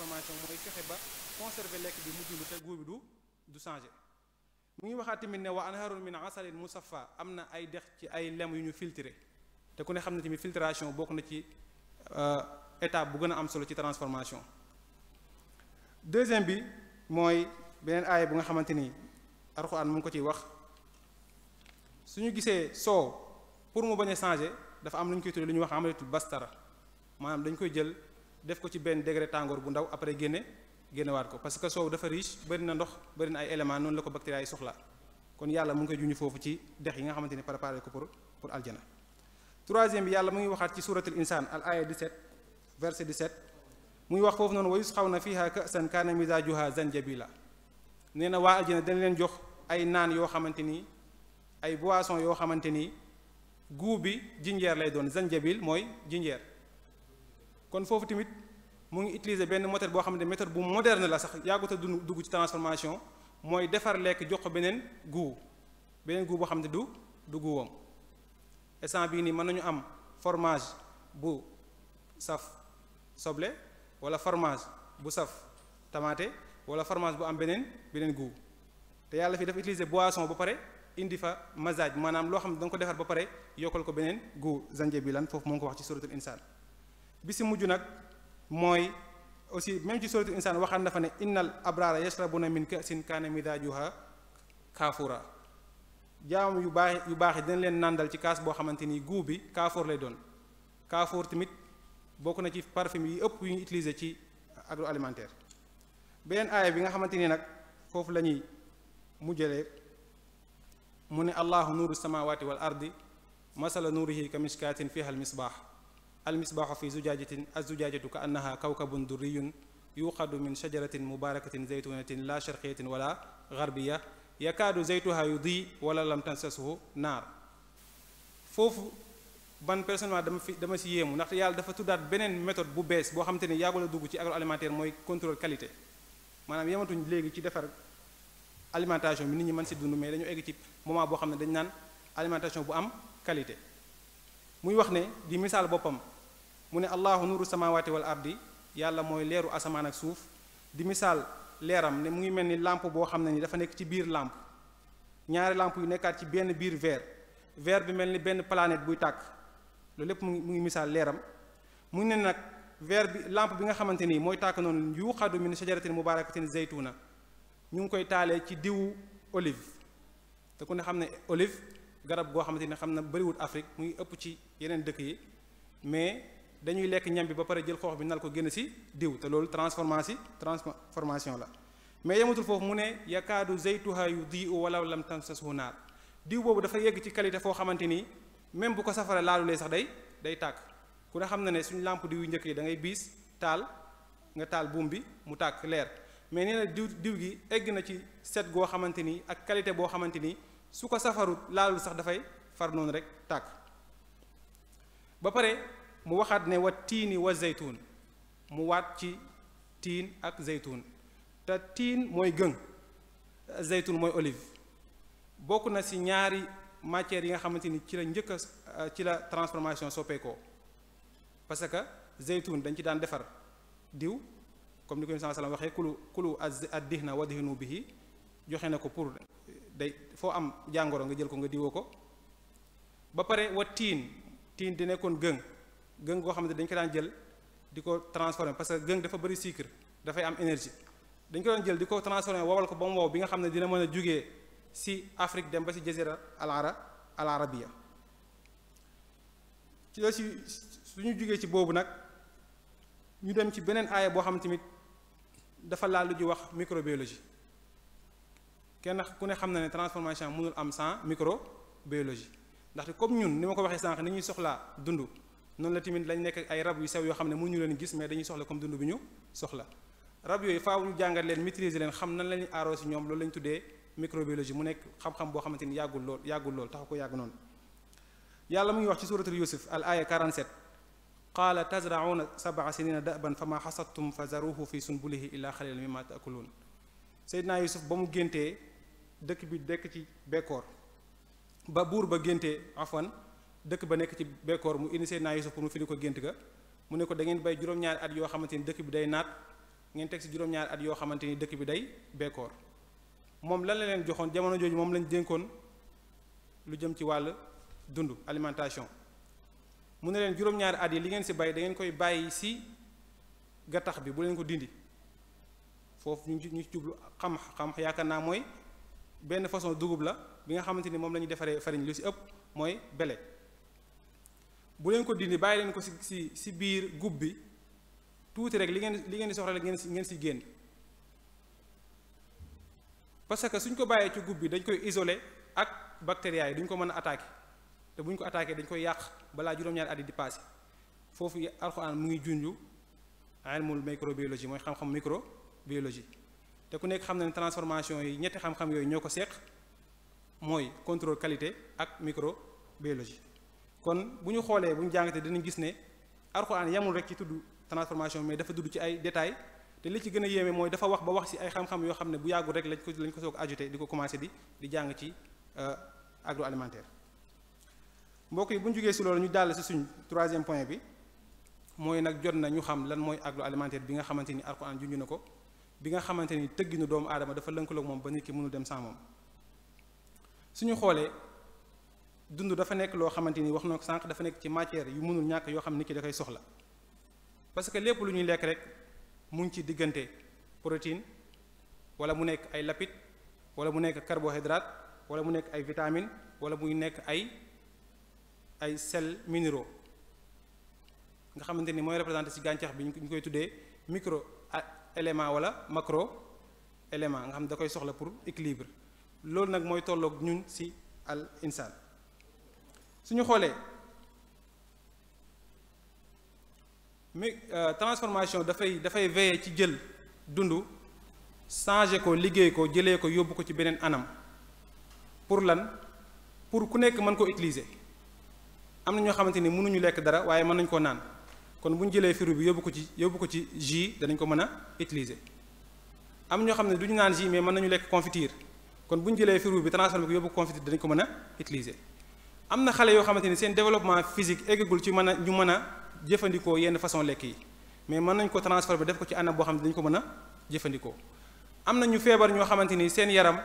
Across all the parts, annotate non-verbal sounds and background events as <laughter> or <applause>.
transformation mooy fexe ba conserver lekk bi mu dund te góob bi du du changer. mu ngi waxaat tamit ne wa anharun min asalin musaffa am na ay dex ci ay lem yu ñu filtré te ku ne xam ne tamit filtration bokk na ci euh, étape bu gën a am solo ci transformation. deuxième bi mooy beneen aaya bu nga xamante ni alxuraan mu ngi ko ciy wax suñu gisee soow pour mu bañ a changer dafa am lu ñu koy tuddee lu ñuy wax amalatul bastara maanaam dañ koy jël. def ko ci benn degré tàngoor bu ndaw après génne génnewaat ko parce que soow dafa riche bëri na ndox bëri na ay éléments noonu la ko bactéries yi soxla kon yàlla mu ngi koy junj foofu ci dex yi nga xamante ni préparé ko pour pour aljana troisième bi yàlla mu ngi waxaat ci suratul insaan al aya 17 verset 17 mu muy wax foofu noonu wa yusqawna fiha ka'san kaana mizaajuha zanjabila nee na waa aljana dañ leen jox ay naan yoo xamante ni ay boisson yoo xamante ni goût bi jinjeer lay doon zanjabil mooy jinjeer kon foofu tamit mu ngi utiliser benn méthode boo xam ne méthode bu moderne la sax yàggut a dugg ci transformation mooy defar lekk jox ko beneen guu beneen guu boo xam ne du du guwam instant bii nii mën nañu am formage bu saf soble wala fromage bu saf tamaate wala fromage bu am beneen beneen guu te yàlla fi dafa utiliser boisson ba pare indi fa massage maanaam loo xam ne da nga ko defar ba pare yokkal ko beneen guu zanje bi lan foofu mu ngi ko wax ci suratul insaan bisi mujj nag mooy aussi même ci suratul insaan waxaan na fa ne innal abraara yashrabuna min kasin kaana midaajuha kaafura jaamu yu baax yu baax yi dina leen nàndal ci kaas boo xamante ni guub bi kaafoor lay doon kaafoor tamit bokk na ci parfum yi ëpp yu ñu ci ci alimentaire beneen aaya bi nga xamante ni nag foofu la ñuy mujjalee mu ne allahu nuuru samawati wal ardi masala nuurihi ka miskaatin fiha al misbaax almisbaaxu fi zujaajatin azzujaajatu ka annaha kawkabun durriyun yuqadu min shajaratin mubaarakatin zaytunatin la sharqiyatin wala garbiya yakaadu zaytuha yudi wala lam tansasuhu naar foofu ban personnellement dama fi dama si yéemu ndaxte yàlla dafa tuddaat beneen méthode bu bees boo xamante ne yàggul a dugg ci agroalimentaire mooy contrôle qualité maanaam yematuñ léegi ci defar alimentation bi nit ñi mën si dund mais dañu egg ci moment boo xam ne dañu naan alimentation bu am qualité muy wax ne di misaal boppam mu ne allahu nuru samawati wal ardi yàlla mooy leeru asamaan ak suuf di misaal leeram ne mu ngi mel ni làmp boo xam ne ni dafa nekk ci biir làmp ñaari làmp yu nekkaat ci benn biir verre verre bi mel ni benn planète buy tàkk loolu lépp mu ngi mu ngi misaal leeram mu ne nag verre bi làmp bi nga xamante ni mooy tàkk noonu yuuxadu min shajaratin mubarakatin zaytuna ñu ngi koy taalee ci diwu olive te ku ne xam ne olive garab goo xamante ni xam na bëriwut Afrique mu ngi ëpp ci yeneen dëkk yi dañuy lekk ñam bi ba pare jël xoox bi nal ko génn si diw te loolu transformation transformation la mais yematul foofu mu ne yakaadu zaytuha yu di u walaw sa tamsashu naar diw boobu dafa yegg ci qualité foo xamante ni même bu ko safara laalu laalulee sax day day tàkk ku ne xam na ne suñu làmp diw yu njëkk yi da ngay biis taal nga taal buum bi mu tàkk leer mais nee na diw diw gi egg na ci set goo xamante ni ak qualité boo xamante ni su ko safarut laalul sax dafay far noonu rek tàkk mu waxaat ne wa tiini wa zeytuun mu waat ci tiin ak zeytuun te tiin mooy gën zeytuun mooy olive bokk na si ñaari matières yi nga xamante ni ci la njëkk a euh, ci la transformation soppeekoo parce que zeytuun dañ ci daan defar diw comme ni ko Yonent sallam waxee kulu kulu ad-dihna wa bi bihi joxe na ko pour day foo am jàngoro nga jël ko nga diwoo ko ba pare wa tiin tiin di nekkoon gën gën goo xam ne dañ ko daan jël di ko transformer parce que gën dafa bëri sucre dafay am énergie dañ ko daan jël di ko transformer wowal ko ba mu wow bi nga xam ne dina mën a jugee si Afrique dem ba ci jazira al ara al arabia ci la si suñu jugee ci boobu nag ñu dem ci beneen aaya boo xam tamit dafa laal ju wax microbiologie kenn ku ne xam na ne transformation mënul am sans microbiologie ndaxte comme ñun ni ma ko waxee sànq ni ñuy soxlaa dund noonu la tamit lañ nekk ay rab yu sew yoo xam ne mënuñu leen gis mais dañuy soxla comme dund bi ñu soxla rab yooyu faaw ñu jàngal leen maîtriser leen xam na la ñuy aaroo si ñoom loolu la ñu tuddee microbiologie mu nekk xam-xam boo xamante ni yàggul lool tax lool taxu ko yàgg noonu yàlla mu ngi wax ci suratul yusuf al aya 47 qaala tazrauna sabaa sinina daban fa maa xasattum fa zaruhu fi sunbulihi illaa xalila mimma taakuluun seydinaa yusuf ba mu géntee dëkk bi dëkk ci bekkoor ba buur ba géntee afwan dëkk ba nekk ci bekkoor mu indi seen naa Yuusuf pour mu firi ko gént ga mu ne ko dangeen ngeen bay juróom-ñaari at yoo xamante ni dëkk bi day naat ngeen teg si juróom-ñaari at yoo xamante ni dëkk bi day bekkoor moom lan la leen joxoon jamono jooju moom lañu dénkoon lu jëm ci wàll dund alimentation mu ne leen juróom-ñaari at yi li ngeen si bay dangeen koy bàyyi si gattax bi bu leen ko dindi foofu ñu ñu jublu xam xam yaakaar naa mooy benn façon dugub la bi nga xamante ni moom la ñuy defaree farine lu si ëpp mooy bele bu leen ko dindi bàyyi leen ko si si si biir gub bi tuuti rek li ngeen li ngeen di soxla ngeen si ngeen si génn parce que suñ ko bàyyee ci gub bi dañ koy isolé ak bactéries yi duñ ko mën a attaqué te buñ ko attaqué dañ koy yàq balaa juróom-ñaari at yi di passé foofu alxuraan mu ngi junju ilmul microbiologie mooy xam-xam microbiologie te ku nekk xam na ne transformation yi ñetti xam-xam yooyu ñoo ko seq mooy contrôle qualité ak microbiologie kon bu ñu xoolee bu ñu jàngatee dinañ gis ne alxuraan yamul rek ci tudd transformation mais dafa dudd ci ay détails te li ci gën a yéeme mooy dafa wax ba wax ci ay xam-xam yoo xam ne bu yàggul rek lañ ko lañ ko soog ajouté di ko commencé di di jàng ci euh, alimentaire mbokk yi bu ñu jugee ci loolu ñu dàll si suñ troisième point bi mooy nag jot na ñu xam lan mooy alimentaire bi nga xamante ni alxuraan junj ne ko bi nga xamante ni tëgginu doomu aadama dafa lënkaloog moom ba nit ki mënul dem sans moom xoolee. dund dafa nekk loo xamante ni wax na ko sànq dafa nekk ci matière yu mënul ñàkk yoo xam ni ki da koy soxla parce que lépp lu ñuy lekk rek mu ngi ci diggante protéine wala mu nekk ay lapide wala mu nekk carbohydrate wala mu nekk ay vitamine wala muy nekk ay ay sel minéraux nga xamante ni mooy représenté ci gàncax bi ñu koy tuddee micro élément wala macro élément nga xam ne da koy soxla pour équilibre loolu nag mooy tollook ñun ci al insaan su ñu xoolee mi euh, transformation dafay dafay veiller ci jël dund changer ko liggéey ko jëlee ko yóbbu ko ci beneen anam pour lan pour ku nekk mën ko utiliser am na ñoo xamante ni mënuñu lekk dara waaye mën nañu ko naan kon bu ñu jëlee firu bi yóbbu ko ci yóbbu ko ci jus danañ ko mën a utiliser am ñoo xam ne du naan jus mais mën nañu lekk confiture kon bu ñu jëlee firu bi transformé ko yóbbu ko confiture danañ ko mën a utiliser am na xale yoo xamante ni seen développement physique eggagul ci mën a ñu mën a jëfandikoo yenn façon lekk yi mais mën nañ ko transfert def ko ci anam boo xam ne dañu ko mën a jëfandikoo am na ñu feebar ñoo xamante ni seen yaram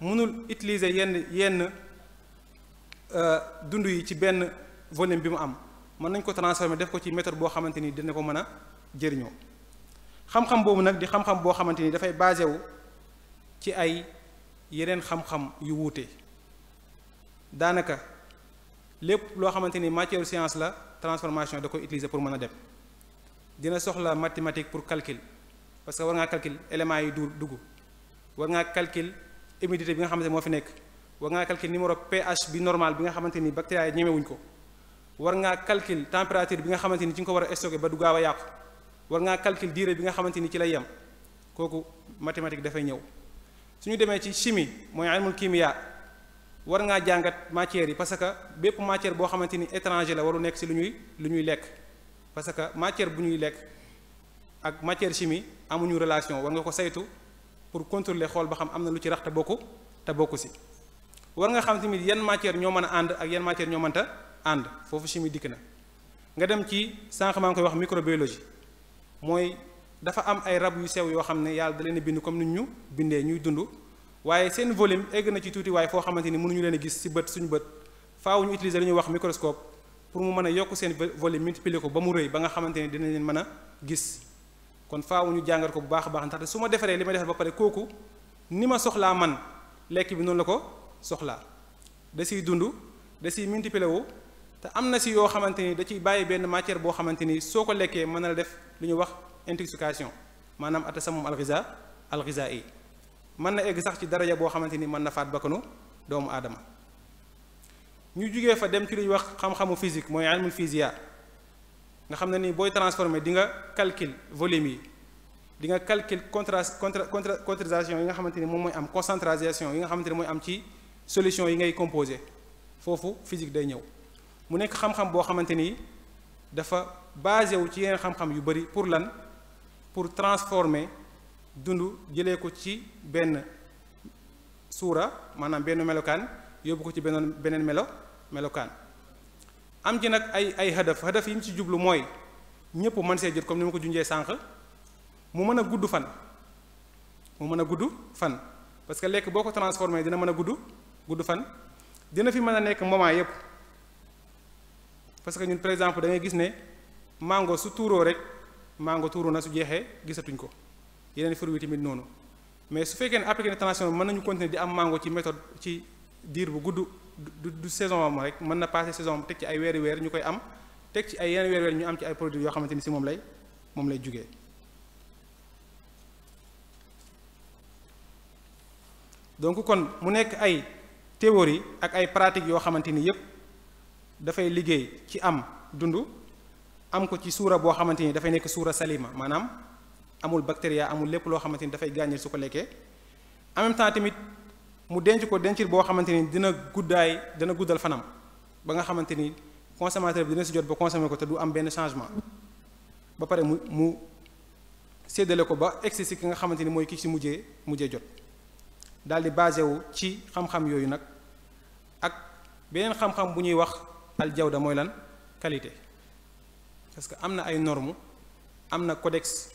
mënul utiliser yenn yenn euh, dund yi ci benn volume bi mu am mën nañ ko transformer def ko ci méthode boo xamante ni dina ko mën a jëriñoo xam-xam boobu nag di xam-xam boo xamante ni dafay basé wu ci ay yeneen xam-xam yu wuute daanaka lépp loo xamante ni matière science la transformation da koy utiliser pour mën a dem dina soxla mathématique pour calcul parce que war ngaa calcul éléments yi du dugg war ngaa calcul humidité bi nga xamante ni moo fi nekk war ngaa calcul numéro pH bi normal bi nga xamante ni bactéries yi ñemewuñ ko war ngaa calcul température bi nga xamante ni ci nga ko war a stocké ba du gaaw a yàqu war ngaa calcul durée bi nga xamante ni ci lay yem kooku mathématique dafay ñëw suñu demee ci chimie mooy ilmul war ngaa jàngat matières yi parce que bépp matière boo xamante ni étranger la waru nekk ci lu ñuy lu ñuy lekk parce que matière bu ñuy lekk ak matière chimie amuñu relation war nga ko saytu pour contrôler xool ba xam am na lu ci rax te bokku te bokk ci war nga xam tamit yan matière ñoo mën a ànd ak yan matière ñoo mënta ànd foofu chimie dikk na nga dem ci sànq maa ngi koy wax microbiologie mooy dafa am ay rab yu sew yoo xam ne yàlla da leen bind comme ni ñu bindee ñuy dund waaye seen volume egg na ci tuuti waaye foo xamante ni mënuñu leen a gis si bët suñu bët faaw ñu utiliser li ñu wax microscope pour mu mën a yokk seen volume multiplier ko ba mu rëy ba nga xamante ni dinañ leen mën a gis kon faaw ñu jàngat ko bu baax a baax ndaxte su ma defaree li ma defar ba kooku ni ma soxlaa man lekk bi noonu la ko soxlaa da siy dund da siy multiplier wu te am na si yoo xamante ni da ciy bàyyi benn matière boo xamante ni soo ko lekkee mën na def lu ñuy wax intoxication maanaam atasam moom alxiza alxiza yi mën na egg sax ci daraja boo xamante ni mën na faat bakkanu doomu aadama ñu jugee fa dem ci li ñuy wax xam-xamu physique mooy ilmul physiya nga xam ne ni booy transformé di nga calcul volume yi di nga calcul contra contra contraction yi nga xamante ni moom mooy am concentration yi nga xamante ni mooy am ci solution yi ngay composé foofu physique day ñëw mu nekk xam-xam boo xamante ni dafa basé wu ci yeneen xam-xam yu bëri pour lan pour transformer. dund jëlee ko ci benn suura maanaam benn melokaan yóbbu ko ci beneen beneen melo melokaan am ji nag ay ay hadaf hadaf yi mu ci jublu mooy ñépp mën see jët comme ni ma ko junjee sànq mu mën a gudd fan mu mën a gudd fan parce que lekk boo ko transformé dina mën a gudd gudd fan dina fi mën a nekk moment yépp parce que ñun par exemple da ngay gis ne mango su tuuroo rek mango tuuru na su jeexee gisatuñ ko yeneen fruits yi tamit noonu mais su fekkee ne appliqué na tentation mën nañu continuer di am mango ci méthode ci diir bu gudd du du saison am rek mën na passé saison am teg ci ay weeri weer ñu koy am teg ci ay yeneen weer weer ñu am ci ay produits yoo xamante si moom lay moom lay jugee. donc kon mu nekk ay théorie ak ay pratiques yoo xamante ni yépp dafay liggéey ci am dund am ko ci suura boo xamante ni dafay nekk suura salima maanaam. amul bactéria amul lépp loo xamante ni dafay gaañal su ko lekkee en même temps tamit mu denc ko dencir boo xamante ni dina guddaay dina guddal fanam ba nga xamante ni consommateur bi dina si jot ba consommer ko te du am benn changement ba pare mu mu séddale ko ba egsi si ki nga xamante ni mooy ki ci mujjee mujjee jot daal di basé wu ci xam-xam yooyu nag ak beneen xam-xam bu ñuy wax aljawda mooy lan qualité parce que am na ay normes am na codex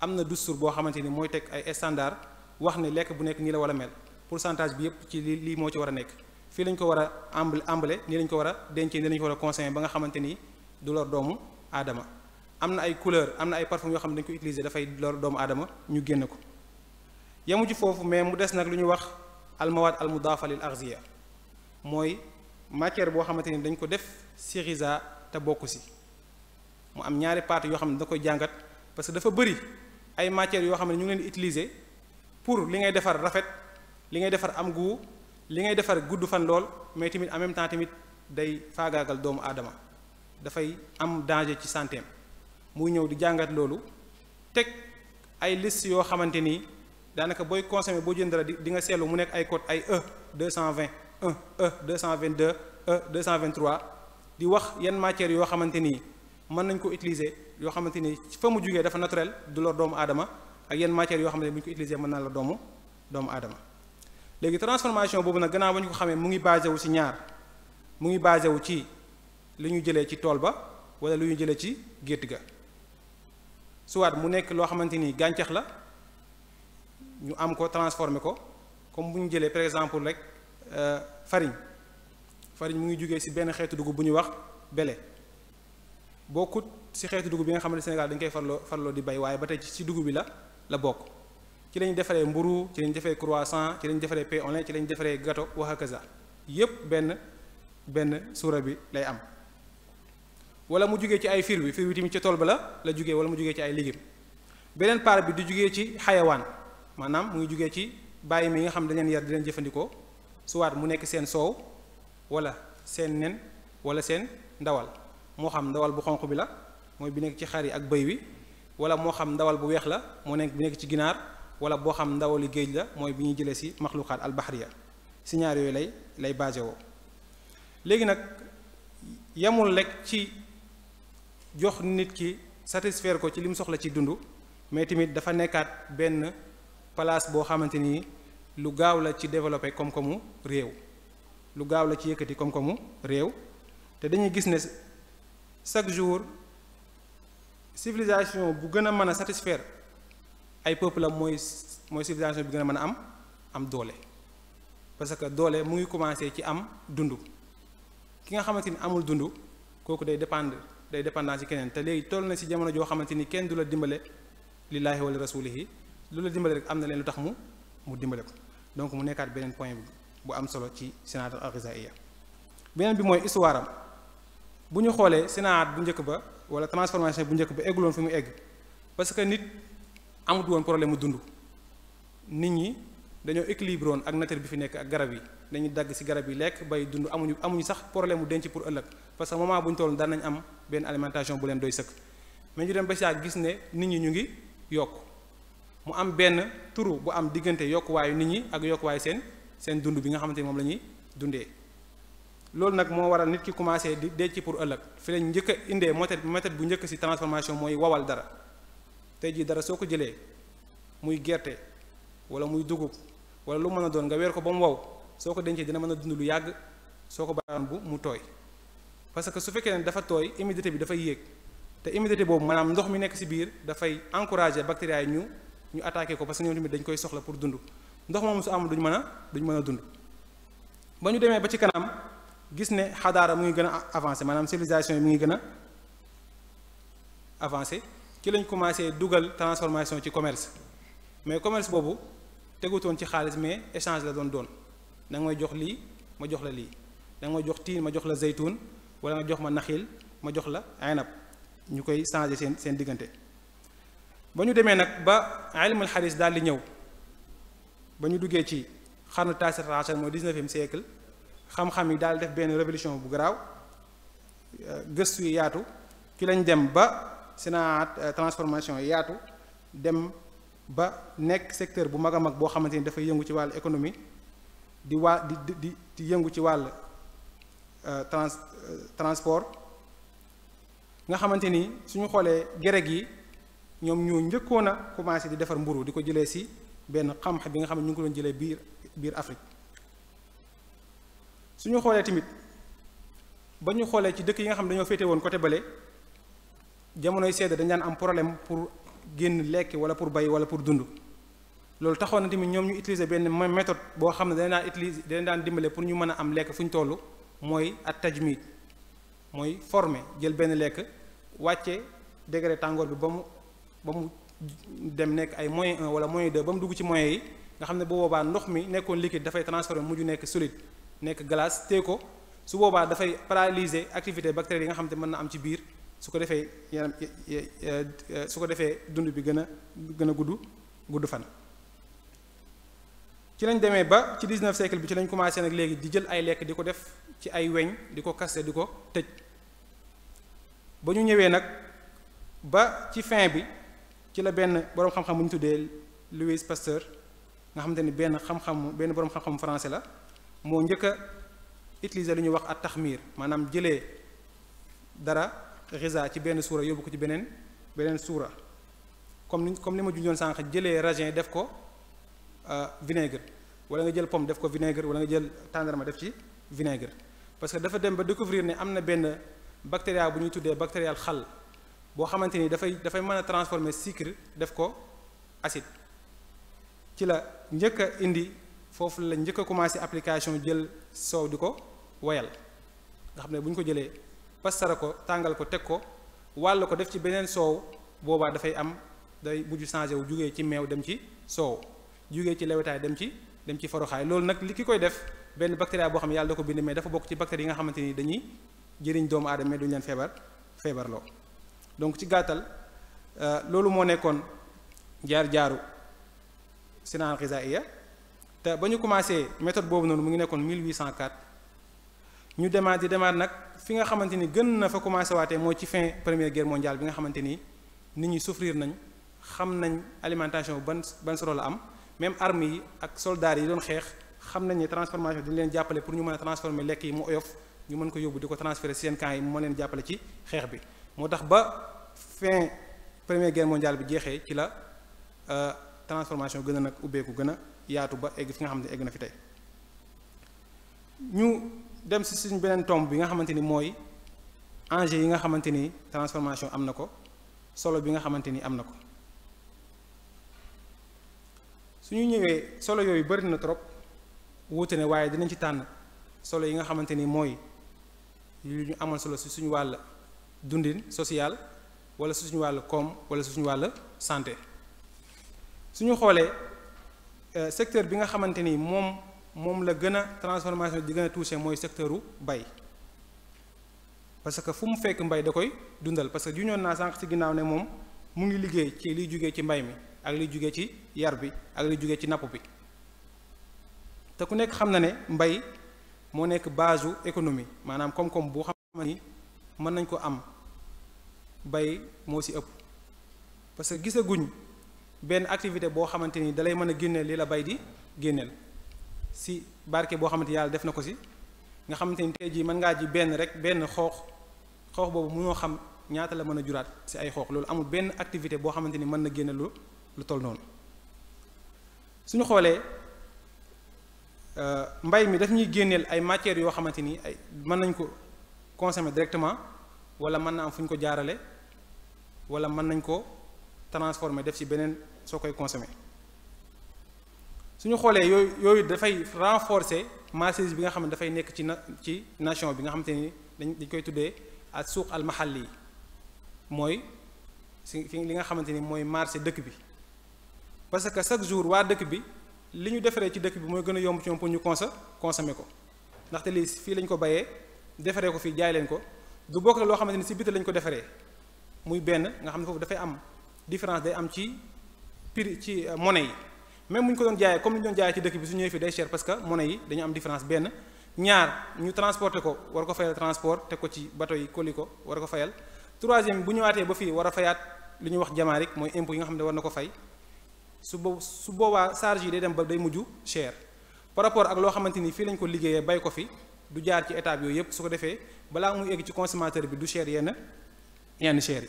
am na dustur boo xamante ni mooy teg ay standard wax ne lekk bu nekk nii la war a mel pourcentage bi yëpp ci li lii moo ci war a nekk fii lañ ko war a ambale ambale nii lañ ko war a dencee nii lañ ko war a conseillé ba nga xamante ni du lor doomu aadama am na ay couleur am na ay parfum yoo xam ne dañ ko utiliser dafay lor doomu aadama ñu génn ko yamu ci foofu mais mu des nag lu ñuy wax almawaat almudaafa lil arziya mooy matière boo xamante ni dañ ko def sirisa te bokku si mu am ñaari parties yoo xam ne da koy jàngat parce que dafa bëri ay matières yoo xam ne ñu ngi leen di utiliser pour li ngay defar rafet li ngay defar am gu li ngay defar gudd fan lool mais tamit en même temps tamit day faagaagal doomu aadama dafay am danger ci santé muy ñëw di jàngat loolu teg ay liste yoo xamante ni daanaka booy consommer boo jënd dara di nga seetlu mu nekk ay code ay E cent vingt e deux 222 E 223 di wax yan matières yoo xamante nii mën nañ ko utiliser yoo xamante ni fa mu jugee dafa naturel du la doomu aadama ak yenn matières yoo xamante ni bu ñu ko utiliser mën naa la doomu doomu aadama léegi transformation boobu nag gannaaw ba ñu ko xamee mu ngi basé wu ci ñaar mu ngi basé wu ci lu ñu jëlee ci tool ba wala lu ñu jëlee ci gétt ga soit mu nekk loo xamante ni gàncax la ñu am ko transformé ko comme bu ñu jëlee par exemple rek euh, farine farine mu ngi jógee ci benn xeetu dugub bu ñuy wax bele bokkut si xeetu dugub bi nga xam ne Sénégal dañ koy farloo farloo di bay waaye ba tey ci dugub bi la la bokk ci lañ defaree mburu ci lañ defaree croissant ci lañ defaree pain au lait ci lañ defaree gâteau wa hakaza yépp benn benn suura bi lay am wala mu jógee ci ay fir bi fir bi tamit ca tool ba la la jógee wala mu jugee ci ay légumes beneen part bi di jugee ci xayawaan maanaam mu ngi jugee ci bàyyi mi nga xam dañ leen yar di jëfandikoo suwaat mu nekk seen soow wala seen nen wala seen ndawal moo xam ndawal bu xonq bi la mooy bi nekk ci xar yi ak bëy wi wala moo xam ndawal bu weex la moo nekk bi nekk ci ginaar wala boo xam ndawali géej la mooy bi ñuy jëlee si maxluqaat albahriya si ñaar yooyu lay lay basé woo léegi nag yamul rek ci jox nit ki satisfaire ko ci li soxla ci dund mais tamit dafa nekkaat benn place boo xamante ni lu gaaw la ci développer koom-koomu réew lu gaaw la ci yëkkati koom-koomu réew te dañuy gis ne chaque jour civilisation bu gën a mën a satisfaire ay peuple la mooy mooy civilisation bu gën a mën a am am doole parce que doole mu ngi commencé ci am dund ki nga xamante ni amul dundu kooku day dépendre day dépendance ci keneen te léegi toll na si jamono joo xamante ni kenn du la dimbale lillaahi wala rasulihi lu la dimbale rek am na leen lu tax mu mu dimbale ko donc mu nekkaat beneen point bu am solo ci sénateur al-Ghazaliya beneen bi mooy histoire bu ñu xoolee sinaat bu njëkk ba wala transformation bu njëkk ba egguloon fi mu egg parce que nit amut woon problème mu dund nit ñi dañoo équilibré woon ak nature bi fi nekk ak garab yi dañuy dagg ci garab yi lekk bay dund amuñu amuñu sax problème mu denc pour ëllëg parce que moment bu ñu toll daan am benn alimentation bu leen doy sëkk mais ñu dem ba saa gis ne nit ñi ñu ngi yokk mu am benn turu bu am diggante yokk yokkuwaayu nit ñi ak yokkuwaayu seen seen dund bi nga xamante ni moom la ñuy dundee loolu nag moo waral nit ki commencé di denc pour ëllëg fi njëkk indee méthode méthode bu njëkk ci transformation mooy wawal dara tey jii dara soo ko jëlee muy gerte wala muy dugub wala lu mën a doon nga weer ko ba mu wow soo ko dencee dina mën a dund lu yàgg soo ko bàyyoon bu mu tooy parce que su fekkee ne dafa tooy humidité bi dafay yéeg te humidité boobu maanaam ndox mi nekk ci biir dafay encourager bactéries yi ñu ñu attaqué ko parce que ñoom tamit dañ koy soxla pour dund ndox moomu su am duñ a duñ mën a dund ba ñu demee ba ci kanam. gis ne xadaara mu ngi gën a avancé maanaam civilisation yi mu ngi gëna avancé ci lañ commencé dugal transformation ci commerce mais commerce boobu tegutoon ci xaalis mais échange la doon doon da nga may jox lii ma jox la lii da nga may jox tiin ma jox la zeytuun wala nga jox ma naxil ma jox la aynab ñu koy changé seen seen diggante ba ñu demee nag ba ilmul xaris daal di ñëw ba ñu duggee ci xarnu taasir mooy 19e siècle xam-xam yi daal def benn révolution bu garaaw euh, gëstu yi yaatu ci lañ dem ba sénat euh, transformation yi yaatu dem ba nekk secteur bu mag a mag boo xamante ni dafay yëngu ci wàllu économie di waa di di di yëngu ci wàll euh, trans transport nga xamante ni suñu xoolee gereg yi ñoom ñoo njëkkoon a commencé di defar mburu di ko jëlee si benn xam-xam bi nga xam ne ñu ngi ko doon jëlee biir biir Afrique suñu xoolee tamit ba ñu xoolee ci dëkk yi nga xam ne dañoo féete woon côté bale jamonoy sedd dañ daan am problème pour génn lekk wala pour bay wala pour dund loolu taxoon na tamit ñoom ñu utiliser benn méthode boo xam ne dañ daan dañ daan dimbale pour ñu mën a am lekk fu ñu toll mooy at tajmid mooy former jël benn lekk wàcce degré tàngoor bi ba mu ba mu dem nekk ay moyen un wala moyen deux ba mu dugg ci moyen yi nga xam ne bu boobaa ndox mi nekkoon liquide dafay transformé mujj nekk solide nekk glace téye ko su boobaa dafay paralyser activité bactérie yi nga xam te mën na am ci biir su ko defee yaram su ko defee dund bi gën a gën a gudd gudd fan. ci lañ demee ba ci 19 siècle bi ci lañ commencé nag léegi di jël ay lekk di ko def ci ay weñ di ko kaste di ko tëj ba ñu ñëwee nag ba ci fin bi ci la benn boroom xam-xam bu ñu tuddee Louis Pasteur nga xam xamante ni benn xam-xamu benn boroom xam-xamu français la. moo njëkk a utiliser lu ñuy wax at taxmiir maanaam jëlee dara riza ci benn suura yóbbu ko ci beneen beneen suura comme ni comme ni ma junjoon sànq jëlee raisin def ko euh, vinaigre wala nga jël pomme def ko vinaigre wala nga jël tàndarma def ci vinaigre parce que dafa dem ba découvrir ne am na benn bactéria bu ñuy tuddee bactérial xal boo xamante ni dafay dafay mën a transformer sucre def ko acide ci la njëkk a indi foofu la njëkk a commencé application jël soow di ko woyal nga xam ne bu ñu ko jëlee pastara ko tàngal ko teg ko wàll ko def ci beneen soow boobaa dafay am day mujj changé wu jugee ci meew dem ci soow jugee ci lewetaay dem ci dem ci faroxaay loolu nag li ki koy def benn bactéria boo xam yàlla ko bind mais dafa bokk ci bactéries yi nga xamante ni dañuy jëriñ doomu aadama mais duñu leen feebar feebarloo donc ci gàttal euh, loolu moo nekkoon jaar jaaru sinaan ba ñu commencé méthode boobu noonu mu ngi nekkoon 1804 ñu demaat di demaat nag fi nga xamante ni gën na fa commencé waatee moo ci fin première guerre mondiale bi nga xamante ni nit ñi souffrir nañ xam nañ alimentation ban ban solo la am même armes yi ak soldats yi doon xeex xam nañu transformation dañ leen jàppale pour ñu mën a transformer lekk yi mu oyof ñu mën ko yóbbu di ko transférer seen camp yi mu mën leen jàppale ci xeex bi moo tax ba fin première guerre mondiale bi jeexee la euh, transformation gën a nag ubbeeku gën a. yaatu ba egg fi nga xam ne egg na fi tey ñu dem si suñ beneen tomb bi nga xamante ni mooy enjeu yi nga xamante ni transformation am na ko solo bi nga xamante ni am na ko suñu ñëwee solo yooyu bëri na trop wuute ne waaye dinañ ci tànn solo yi nga xamante ni mooy yu ñu amal solo si suñu wàll dundin social wala si suñu wàll koom wala si suñu wàll santé suñu xoolee Euh, secteur bi nga xamante ni moom moom la gën a transformation di gën a touché mooy secteur bay parce que fu mu fekk mbay da koy dundal parce que ju juñoon naa sànq ci ginnaaw ne moom mu ngi liggéey ci liy jógee ci mbay mi ak liy jugee ci yar bi ak liy jugee ci napp bi te ku nekk xam na ne mbay moo nekk base économie maanaam koom-koom boo xam ni mën nañ ko am bay moo ci ëpp parce que gisaguñ benn activité boo xamante ni dalay mën a génneel li la bay di génneel si barke boo xamante yàlla def na ko si nga xamante ni tey jii mën ngaa ji benn rek benn xoox xoox boobu mënoo xam ñaata la mën a juraat si ay xoox loolu amul benn activité boo xamante ni mën na lu lu noonu suñu xoolee euh, mbay mi daf ñuy génneel ay matières yoo xamante ni ay mën nañ ko consommer directement wala mën na am fu ñu ko jaarale wala mën nañ ko transformer def ci beneen soo koy consommer suñu xoolee yooyu yooyu dafay renforcer marchandise bi nga xam dafay nekk ci na ci nation bi nga xamante ni dañ dañ koy tuddee ak suuq al yi mooy si fi li nga xamante ni mooy marché dëkk bi parce que chaque jour waa dëkk bi li ñu defaree ci dëkk bi mooy gën a yomb ci ñoom pour ñu consa consommer ko ndaxte lii fii lañ ko bayee defaree ko fii jaay leen ko du bokk la loo xamante ni si biti lañ ko defaree muy benn nga xam ne foofu dafay am différence day am ci prix ci euh, monnaie yi même bu ñu ko doon jaayee comme ni ñu doon jaayee ci dëkk bi su ñëwee fii day cher parce que yi dañu am différence benn ñaar ñu transporter ko war ko fayal transport teg ko ci bato yi koli ko war ko fayal troisième bu ñëwaatee ba fii war a fayaat li ñuy wax jamaarik mooy impôt yi nga xam ne war na ko fay su boobu su boobaa sarge yi day dem ba day mujj cher par rapport ak loo xamante ni fii lañ ko liggéeyee bay ko fi du jaar ci étape yooyu yëpp su ko defee balaa muy egg ci consommateur bi du cher yenn yenn cher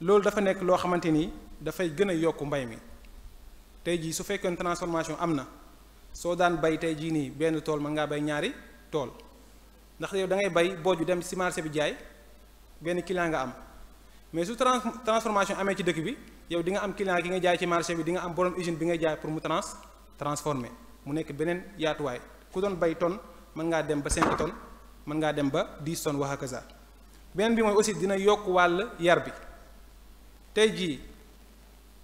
loolu dafa nekk loo xamante ni dafay gën a yokk mbay mi tey jii su fekkoon transformation am na soo daan bay tey jii nii benn tool mën ngaa bay ñaari tool ndax yow dangay ngay bay booju dem ci marché bi jaay benn client nga am mais su trans transformation amee ci dëkk bi yow di nga am client ki nga jaay ci marché bi dinga am borom usine bi nga jaay pour mu trans transformer mu nekk beneen yaatuwaay ku doon bay tonne mën ngaa dem ba 5 tonnes mën ngaa dem ba di tonnes wax ak beneen bi mooy aussi dina yokk wàll yar bi. tey jii